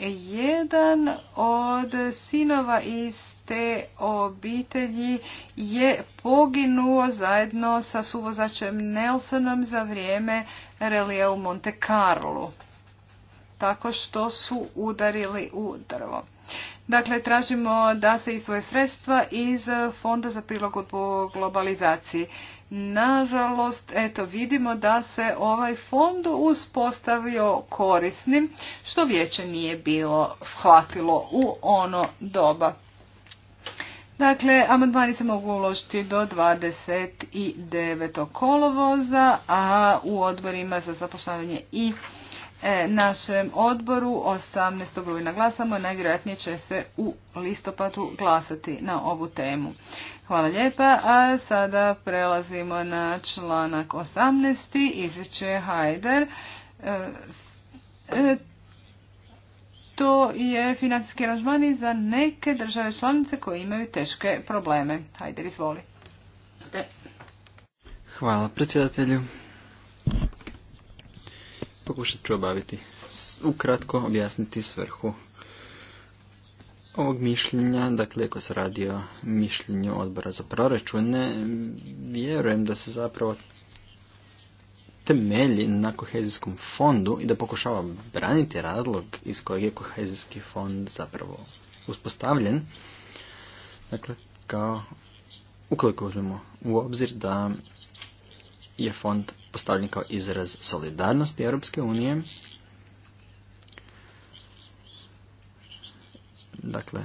Jedan od sinova iz te obitelji je poginuo zajedno sa suvozačem Nelsonom za vrijeme Relije u Monte Carlo tako što su udarili u drvo. Dakle, tražimo da se svoje sredstva iz Fonda za prilagodbu globalizaciji. Nažalost, eto, vidimo da se ovaj fond uspostavio korisnim, što vijeće nije bilo shvatilo u ono doba. Dakle, amandmani se mogu uložiti do 29. kolovoza, a u odborima za zapošljavanje i e, našem odboru 18. rujna glasamo. Najvjerojatnije će se u listopadu glasati na ovu temu. Hvala lijepa, a sada prelazimo na članak 18. izvješće Hajder. E, e, to je financijski aranžman za neke države članice koje imaju teške probleme. Hajde, izvoli. Hvala predsjedatelju. Pokušat ću obaviti, ukratko objasniti svrhu ovog mišljenja, dakle ako se radi o mišljenju odbora za proračune, vjerujem da se zapravo temelji na kohezijskom fondu i da pokušava braniti razlog iz kojeg je kohezijski fond zapravo uspostavljen. Dakle, kao ukoliko uzmemo u obzir da je fond postavljen kao izraz solidarnosti Europske unije, dakle,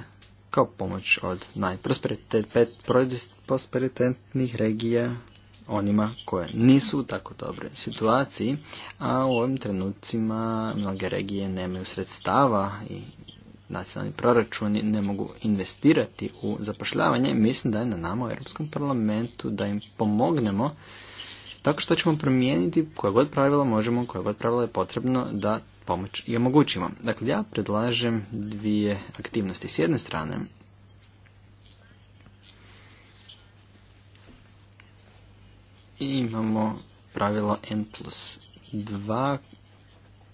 kao pomoć od najprosperitetnih regija onima koje nisu u tako dobre situaciji, a u ovim trenucima mnoge regije nemaju sredstava i nacionalni proračuni ne mogu investirati u zapošljavanje. Mislim da je na nama u Europskom parlamentu da im pomognemo tako što ćemo promijeniti koje god pravila možemo, koje god pravila je potrebno da pomoć i omogućimo. Dakle, ja predlažem dvije aktivnosti. S jedne strane, I imamo pravilo N plus 2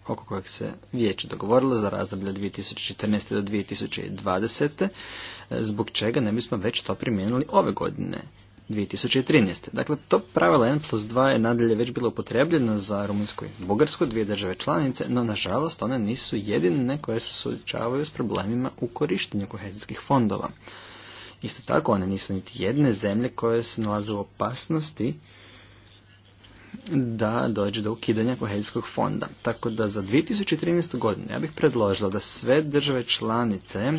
oko kojeg se vijeće dogovorilo za razdoblje 2014. do 2020. Zbog čega ne bismo već to primijenili ove godine. 2013. Dakle, to pravilo N plus 2 je nadalje već bilo upotrebljeno za Rumunjsku i Bugarsku, dvije države članice, no nažalost one nisu jedine koje se suočavaju s problemima u korištenju kohezijskih fondova. Isto tako, one nisu niti jedne zemlje koje se nalaze u opasnosti da dođe do ukidanja kohezijskog fonda. Tako da za 2013. godinu ja bih predložila da sve države članice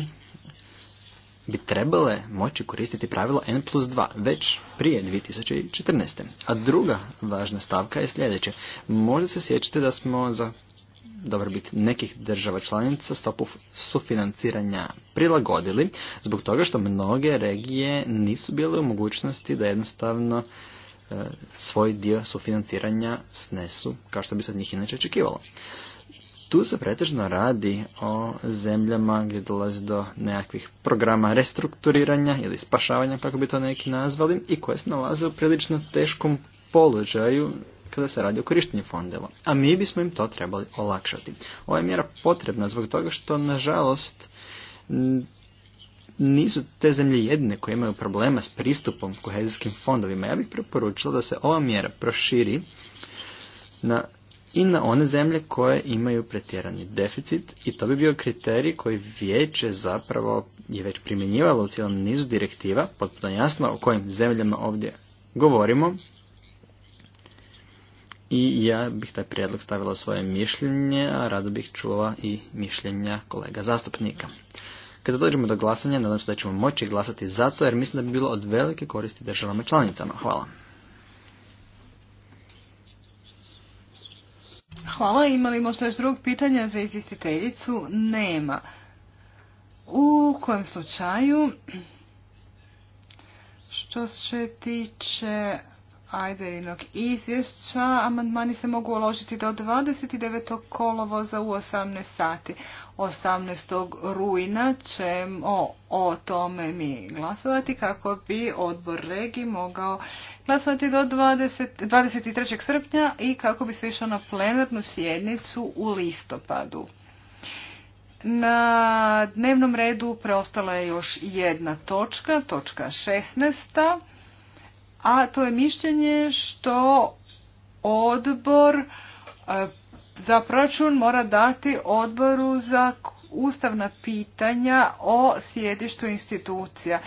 bi trebale moći koristiti pravilo N plus 2 već prije 2014. A druga važna stavka je sljedeće. Možda se sjećate da smo za dobrobit nekih država članica stopu sufinanciranja prilagodili zbog toga što mnoge regije nisu bile u mogućnosti da jednostavno E, svoj dio sufinanciranja snesu, kao što bi se od njih inače očekivalo. Tu se pretežno radi o zemljama gdje dolazi do nekakvih programa restrukturiranja ili spašavanja, kako bi to neki nazvali, i koje se nalaze u prilično teškom položaju kada se radi o korištenju fondova. A mi bismo im to trebali olakšati. Ova je mjera potrebna zbog toga što, nažalost, nisu te zemlje jedine koje imaju problema s pristupom kohezijskim fondovima. Ja bih preporučila da se ova mjera proširi na, i na one zemlje koje imaju pretjerani deficit i to bi bio kriterij koji vijeće zapravo je već primjenjivalo u cijelom nizu direktiva, potpuno jasno o kojim zemljama ovdje govorimo. I ja bih taj prijedlog stavila svoje mišljenje, a rado bih čula i mišljenja kolega zastupnika. Kada dođemo do glasanja, nadam se da ćemo moći glasati za to, jer mislim da bi bilo od velike koristi državama članicama. Hvala. Hvala. Imali li možda još drugog pitanja za izvjestiteljicu? Nema. U kojem slučaju, što se tiče Ajderinog izvješća. Amandmani se mogu uložiti do 29. kolovoza u 18 sati. 18. rujna ćemo o tome mi glasovati kako bi odbor regi mogao glasovati do 23. srpnja i kako bi se išlo na plenarnu sjednicu u listopadu. Na dnevnom redu preostala je još jedna točka, točka 16 a to je mišljenje što odbor e, za proračun mora dati odboru za ustavna pitanja o sjedištu institucija.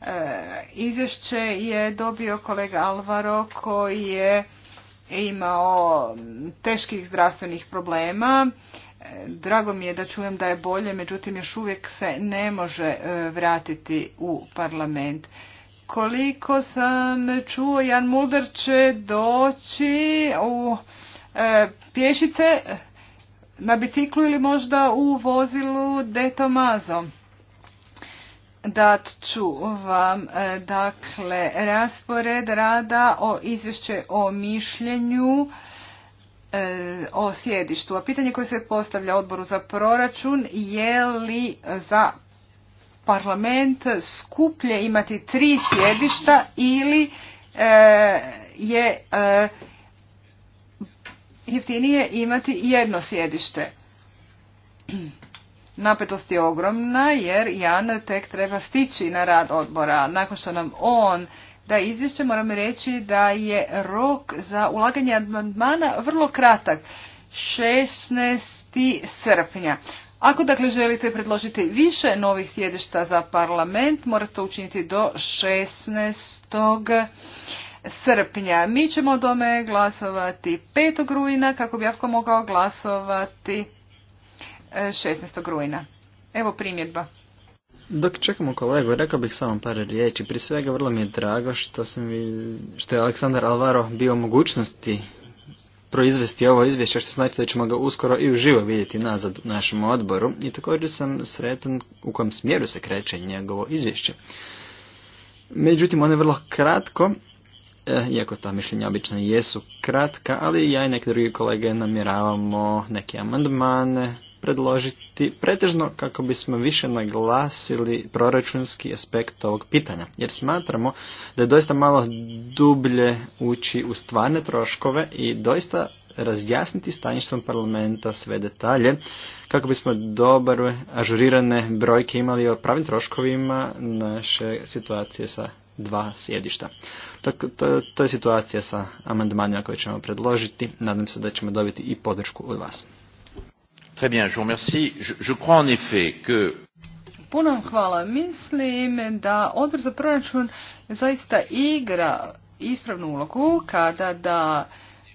E, izvješće je dobio kolega Alvaro koji je imao teških zdravstvenih problema. E, drago mi je da čujem da je bolje, međutim još uvijek se ne može vratiti u parlament koliko sam čuo, Jan Mulder će doći u e, pješice na biciklu ili možda u vozilu de Tomazo. Dat ću vam e, dakle raspored rada o izvješće o mišljenju e, o sjedištu. A pitanje koje se postavlja odboru za proračun je li za parlament skuplje imati tri sjedišta ili e, je e, jeftinije imati jedno sjedište. Napetost je ogromna jer Jan tek treba stići na rad odbora. Nakon što nam on da izvješće moram reći da je rok za ulaganje amandmana vrlo kratak. 16. srpnja. Ako dakle želite predložiti više novih sjedišta za parlament, morate učiniti do 16. srpnja. Mi ćemo o tome glasovati 5. rujna kako bi Javko mogao glasovati 16. E, rujna. Evo primjedba. Dok čekamo kolegu, rekao bih samo par riječi. Prije svega vrlo mi je drago što, sam, što je Aleksandar Alvaro bio u mogućnosti proizvesti ovo izvješće što znači da ćemo ga uskoro i uživo vidjeti nazad u našem odboru i također sam sretan u kojem smjeru se kreće njegovo izvješće. Međutim, ono je vrlo kratko, eh, iako ta mišljenja obično jesu kratka, ali ja i neke druge kolege namjeravamo neke amandmane predložiti pretežno kako bismo više naglasili proračunski aspekt ovog pitanja. Jer smatramo da je doista malo dublje ući u stvarne troškove i doista razjasniti stanjištvom parlamenta sve detalje kako bismo dobar ažurirane brojke imali o pravim troškovima naše situacije sa dva sjedišta. to, to je situacija sa amandmanima koje ćemo predložiti. Nadam se da ćemo dobiti i podršku od vas. Puno vam hvala. Mislim da odbor za proračun zaista igra ispravnu ulogu kada da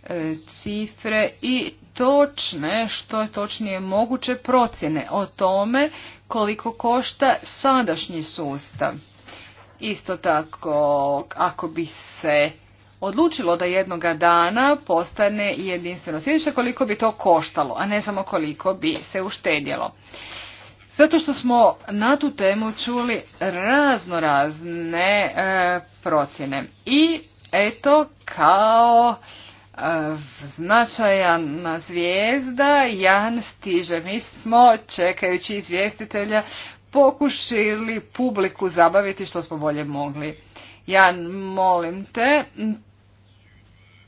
e, cifre i točne, što je točnije moguće, procjene o tome koliko košta sadašnji sustav. Isto tako, ako bi se odlučilo da jednoga dana postane jedinstveno sjedište koliko bi to koštalo, a ne samo koliko bi se uštedjelo. Zato što smo na tu temu čuli razno razne e, procjene. I eto kao e, značajna zvijezda Jan stiže. Mi smo čekajući izvjestitelja pokušili publiku zabaviti što smo bolje mogli. Ja molim te,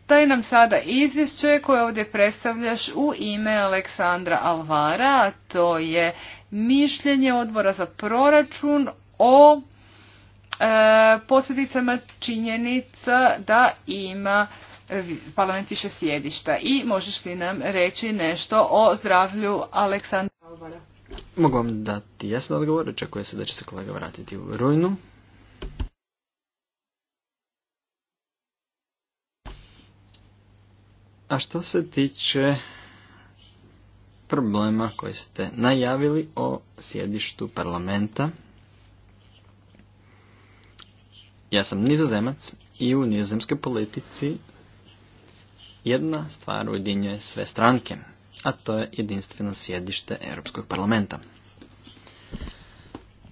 taj nam sada izvješće koje ovdje predstavljaš u ime Aleksandra Alvara, a to je mišljenje odbora za proračun o e, posljedicama činjenica da ima e, parlament više sjedišta. I možeš li nam reći nešto o zdravlju Aleksandra Alvara? Mogu vam dati jasno odgovor, očekuje se da će se kolega vratiti u rujnu. A što se tiče problema koje ste najavili o sjedištu parlamenta, ja sam nizozemac i u nizozemskoj politici jedna stvar ujedinjuje sve stranke, a to je jedinstveno sjedište Europskog parlamenta.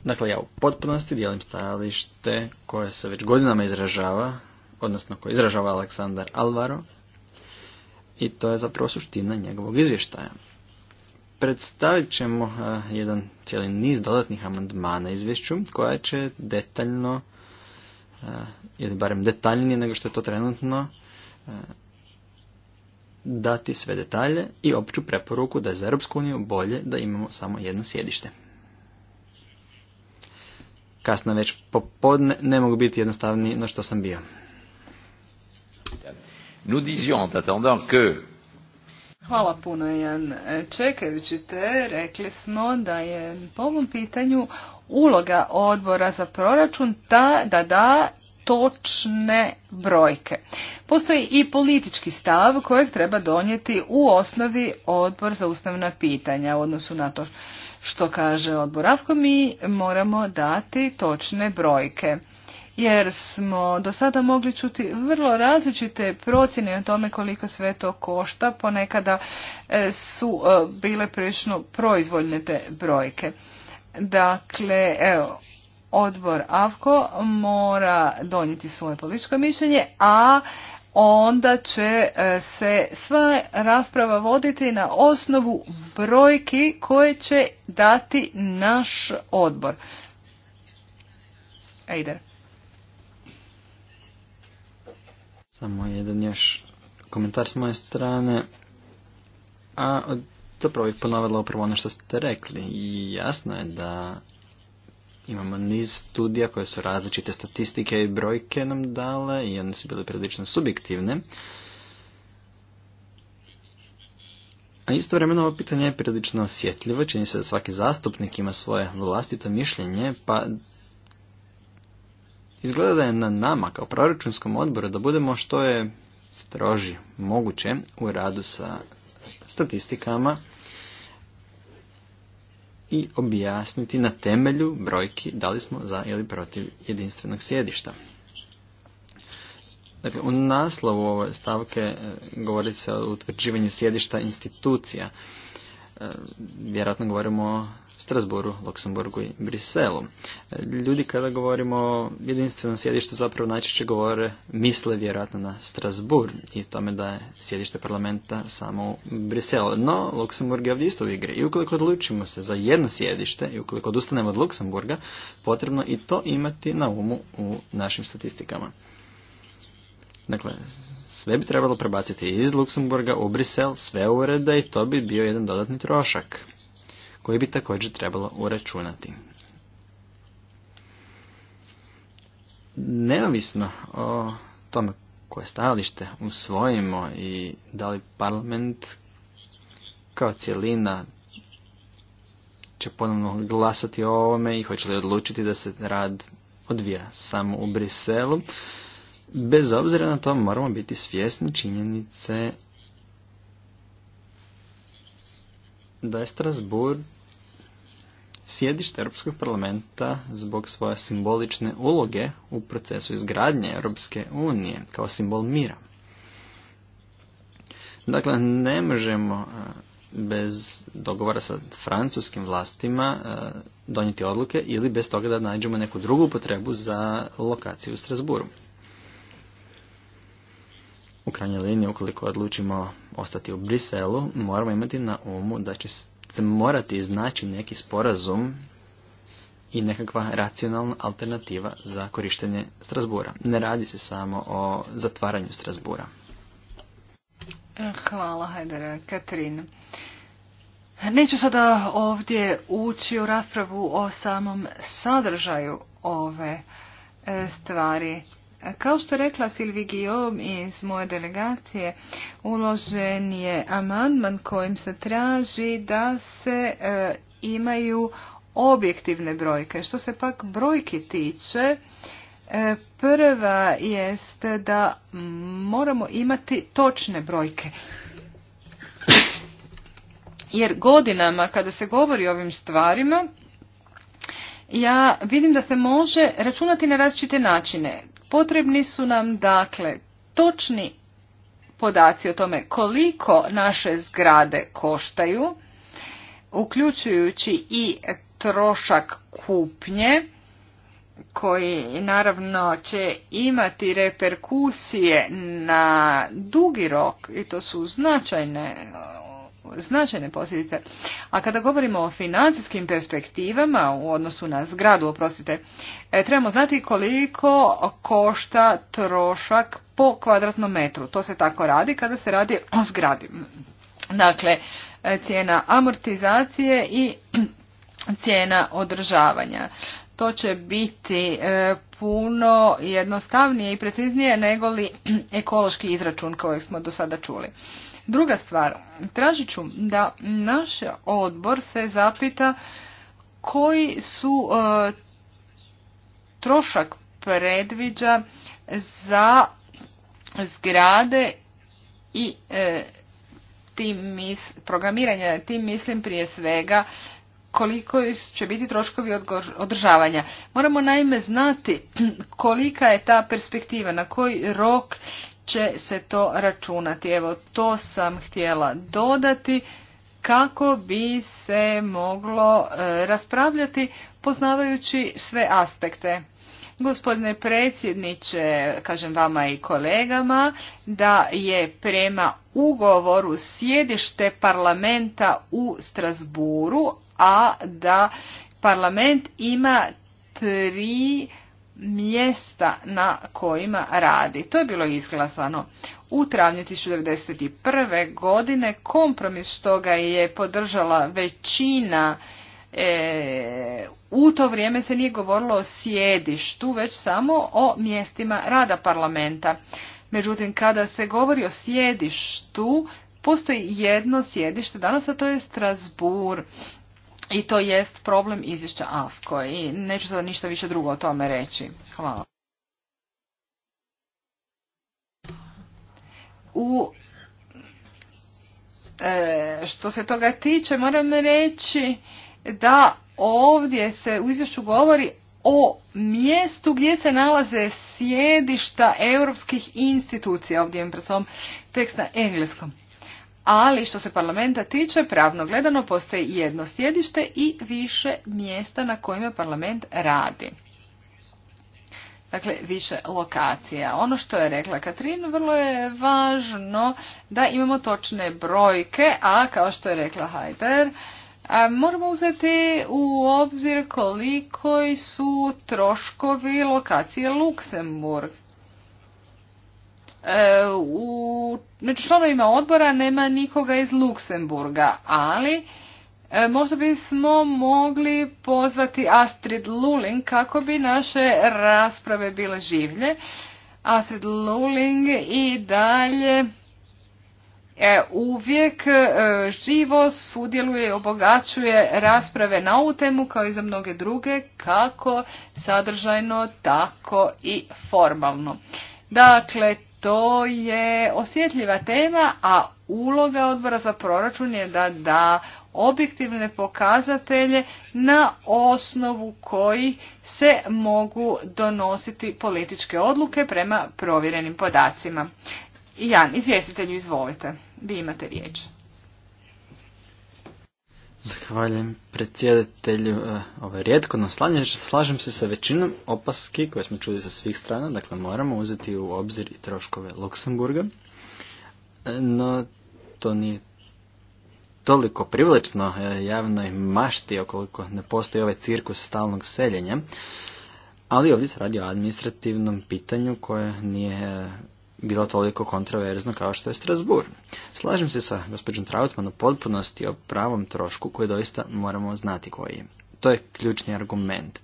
Dakle, ja u potpunosti dijelim stajalište koje se već godinama izražava, odnosno koje izražava Aleksandar Alvaro, i to je zapravo suština njegovog izvještaja. Predstavit ćemo e, jedan cijeli niz dodatnih amandmana izvješću koja će detaljno e, ili barem detaljnije nego što je to trenutno e, dati sve detalje i opću preporuku da je za Europsku uniju bolje da imamo samo jedno sjedište. Kasno već popodne ne mogu biti jednostavniji na što sam bio. Nous disions en attendant que Hvala puno, Jan. Čekajući te, rekli smo da je po ovom pitanju uloga odbora za proračun ta da da točne brojke. Postoji i politički stav kojeg treba donijeti u osnovi odbor za ustavna pitanja u odnosu na to što kaže odbor Avko, mi moramo dati točne brojke jer smo do sada mogli čuti vrlo različite procjene o tome koliko sve to košta, ponekada e, su e, bile prilično proizvoljne te brojke. Dakle, evo, odbor AVKO mora donijeti svoje političko mišljenje, a onda će e, se sva rasprava voditi na osnovu brojki koje će dati naš odbor. Ejder. Samo jedan još komentar s moje strane. A zapravo bih ponovila upravo ono što ste rekli. I jasno je da imamo niz studija koje su različite statistike i brojke nam dale i one su bile prilično subjektivne. A istovremeno ovo pitanje je prilično osjetljivo, čini se da svaki zastupnik ima svoje vlastito mišljenje, pa Izgleda da je na nama kao proračunskom odboru da budemo što je stroži moguće u radu sa statistikama i objasniti na temelju brojki da li smo za ili protiv jedinstvenog sjedišta. Dakle, u naslovu ove stavke e, govori se o utvrđivanju sjedišta institucija. E, vjerojatno govorimo o Strasburu, Luksemburgu i Briselu. Ljudi kada govorimo o jedinstvenom sjedištu zapravo najčešće govore, misle vjerojatno na Strasbur i tome da je sjedište parlamenta samo u Briselu. No, Luksemburg je ovdje isto u igri i ukoliko odlučimo se za jedno sjedište i ukoliko odustanemo od Luksemburga, potrebno i to imati na umu u našim statistikama. Dakle, sve bi trebalo prebaciti iz Luksemburga u Brisel, sve urede i to bi bio jedan dodatni trošak koji bi također trebalo uračunati. Neovisno o tome koje stajalište usvojimo i da li parlament kao cijelina će ponovno glasati o ovome i hoće li odlučiti da se rad odvija samo u Briselu. Bez obzira na to moramo biti svjesni činjenice da je Strasbourg sjedište Europskog parlamenta zbog svoje simbolične uloge u procesu izgradnje Europske unije kao simbol mira. Dakle, ne možemo e, bez dogovora sa francuskim vlastima e, donijeti odluke ili bez toga da nađemo neku drugu potrebu za lokaciju u Strasburu. U krajnjoj liniji, ukoliko odlučimo ostati u Briselu, moramo imati na umu da će se morati iznaći neki sporazum i nekakva racionalna alternativa za korištenje Strasbura. Ne radi se samo o zatvaranju Strasbura. E, hvala, Hajdara. Katrin. Neću sada ovdje ući u raspravu o samom sadržaju ove e, stvari. Kao što rekla Silvi Guillaume iz moje delegacije, uložen je amandman kojim se traži da se e, imaju objektivne brojke. Što se pak brojki tiče, e, prva jest da moramo imati točne brojke. Jer godinama kada se govori o ovim stvarima, ja vidim da se može računati na različite načine. Potrebni su nam dakle točni podaci o tome koliko naše zgrade koštaju, uključujući i trošak kupnje koji naravno će imati reperkusije na dugi rok i to su značajne značajne posljedice. A kada govorimo o financijskim perspektivama u odnosu na zgradu, oprostite, e, trebamo znati koliko košta trošak po kvadratnom metru. To se tako radi kada se radi o zgradi. Dakle, e, cijena amortizacije i cijena održavanja. To će biti e, puno jednostavnije i preciznije nego li ekološki izračun kojeg smo do sada čuli. Druga stvar, tražit ću da naš odbor se zapita koji su e, trošak predviđa za zgrade i e, tim mis, programiranja, tim mislim prije svega koliko će biti troškovi održavanja. Moramo naime znati kolika je ta perspektiva, na koji rok će se to računati. Evo, to sam htjela dodati kako bi se moglo e, raspravljati poznavajući sve aspekte. Gospodine predsjedniče, kažem vama i kolegama, da je prema ugovoru sjedište parlamenta u Strasburu, a da parlament ima tri mjesta na kojima radi. To je bilo izglasano. U travnju 1991. godine kompromis što ga je podržala većina e, u to vrijeme se nije govorilo o sjedištu, već samo o mjestima rada parlamenta. Međutim, kada se govori o sjedištu, postoji jedno sjedište danas, a to je strasbourg i to jest problem izvješća AFKO i neću sada ništa više drugo o tome reći. Hvala. U e, što se toga tiče, moram reći da ovdje se u izvješću govori o mjestu gdje se nalaze sjedišta europskih institucija. Ovdje imam pred sobom tekst na engleskom ali što se parlamenta tiče, pravno gledano postoji jedno sjedište i više mjesta na kojima parlament radi. Dakle, više lokacija. Ono što je rekla Katrin, vrlo je važno da imamo točne brojke, a kao što je rekla Hajder, moramo uzeti u obzir koliko su troškovi lokacije Luksemburg. E, u, među članovima odbora nema nikoga iz Luksemburga, ali e, možda bismo mogli pozvati Astrid Luling kako bi naše rasprave bile življe. Astrid Luling i dalje e, uvijek e, živo sudjeluje i obogaćuje rasprave na ovu temu kao i za mnoge druge, kako sadržajno, tako i formalno. Dakle, to je osjetljiva tema, a uloga odbora za proračun je da da objektivne pokazatelje na osnovu koji se mogu donositi političke odluke prema provjerenim podacima. Jan, izvjestitelju, izvolite. Vi imate riječ. Zahvaljujem predsjedatelju. E, Ovo ovaj, rijetko, no slažem se sa većinom opaski koje smo čuli sa svih strana, dakle moramo uzeti u obzir i troškove Luksemburga, e, no to nije toliko privlečno e, javnoj mašti okoliko ne postoji ovaj cirkus stalnog seljenja, ali ovdje se radi o administrativnom pitanju koje nije bila toliko kontroverzno kao što je Strasbourg. Slažem se sa gospođom Trautmanu u potpunosti o pravom trošku koji doista moramo znati koji je. To je ključni argument.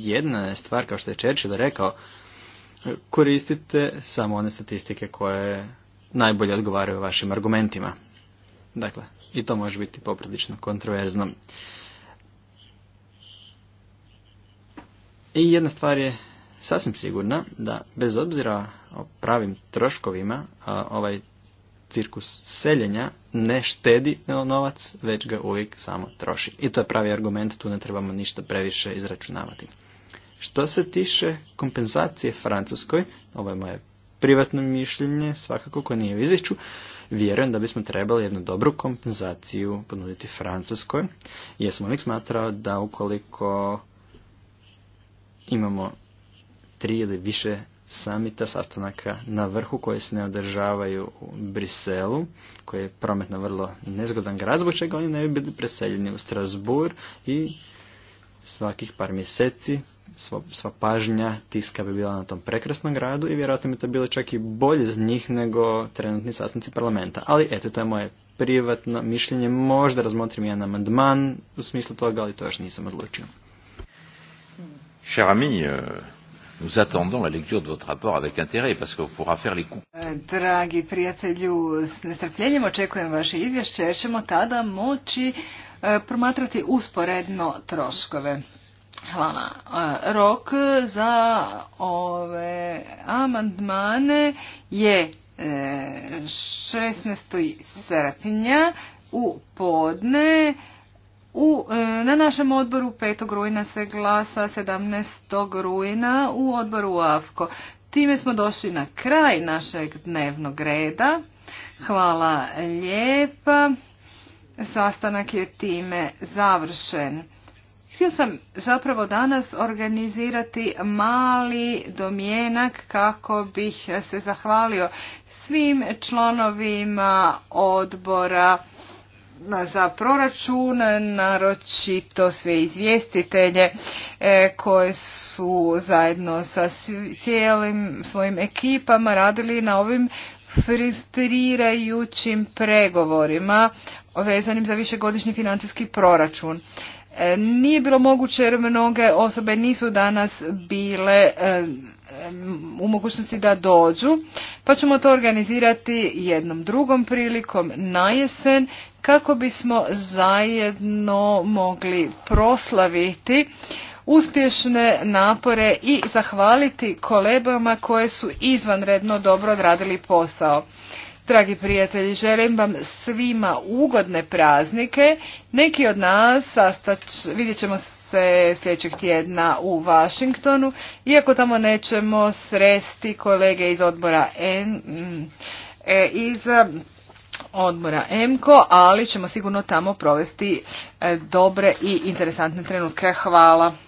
Jedna je stvar, kao što je Churchill rekao, koristite samo one statistike koje najbolje odgovaraju vašim argumentima. Dakle, i to može biti poprilično kontroverzno. I jedna stvar je sasvim sigurna da bez obzira o pravim troškovima ovaj cirkus seljenja ne štedi novac, već ga uvijek samo troši. I to je pravi argument, tu ne trebamo ništa previše izračunavati. Što se tiše kompenzacije Francuskoj, ovo je moje privatno mišljenje, svakako ko nije u izvješću, vjerujem da bismo trebali jednu dobru kompenzaciju ponuditi Francuskoj, jer smo uvijek smatrao da ukoliko imamo tri ili više samita sastanaka na vrhu koje se ne održavaju u Briselu, koji je prometno vrlo nezgodan grad, zbog čega oni ne bi bili preseljeni u Strasbourg i svakih par mjeseci sva, sva pažnja tiska bi bila na tom prekrasnom gradu i vjerojatno bi to bilo čak i bolje za njih nego trenutni sastanci parlamenta. Ali eto, to je moje privatno mišljenje. Možda razmotrim jedan amandman u smislu toga, ali to još nisam odlučio. Cher euh, Nous attendons la lecture de votre rapport avec intérêt parce qu'on pourra faire les coups. E, dragi prijatelju, s nestrpljenjem očekujem vaše izvješće jer ćemo tada moći e, promatrati usporedno troškove. Hvala. E, rok za ove amandmane je 16. srpnja u podne u, e, na našem odboru 5. rujna se glasa 17. rujna u odboru AFKO. Time smo došli na kraj našeg dnevnog reda. Hvala lijepa. Sastanak je time završen. Htio sam zapravo danas organizirati mali domjenak kako bih se zahvalio svim članovima odbora za proračun, naročito sve izvjestitelje e, koje su zajedno sa cijelim svojim ekipama radili na ovim frustrirajućim pregovorima vezanim za višegodišnji financijski proračun. E, nije bilo moguće jer mnoge osobe nisu danas bile e, u mogućnosti da dođu, pa ćemo to organizirati jednom drugom prilikom na jesen kako bismo zajedno mogli proslaviti uspješne napore i zahvaliti kolegama koje su izvanredno dobro odradili posao. Dragi prijatelji, želim vam svima ugodne praznike. Neki od nas sastać, vidjet ćemo se sljedećeg tjedna u Washingtonu, iako tamo nećemo sresti kolege iz odbora N, mm, e, iz Odmora EMKO, ali ćemo sigurno tamo provesti e, dobre i interesantne trenutke. Hvala.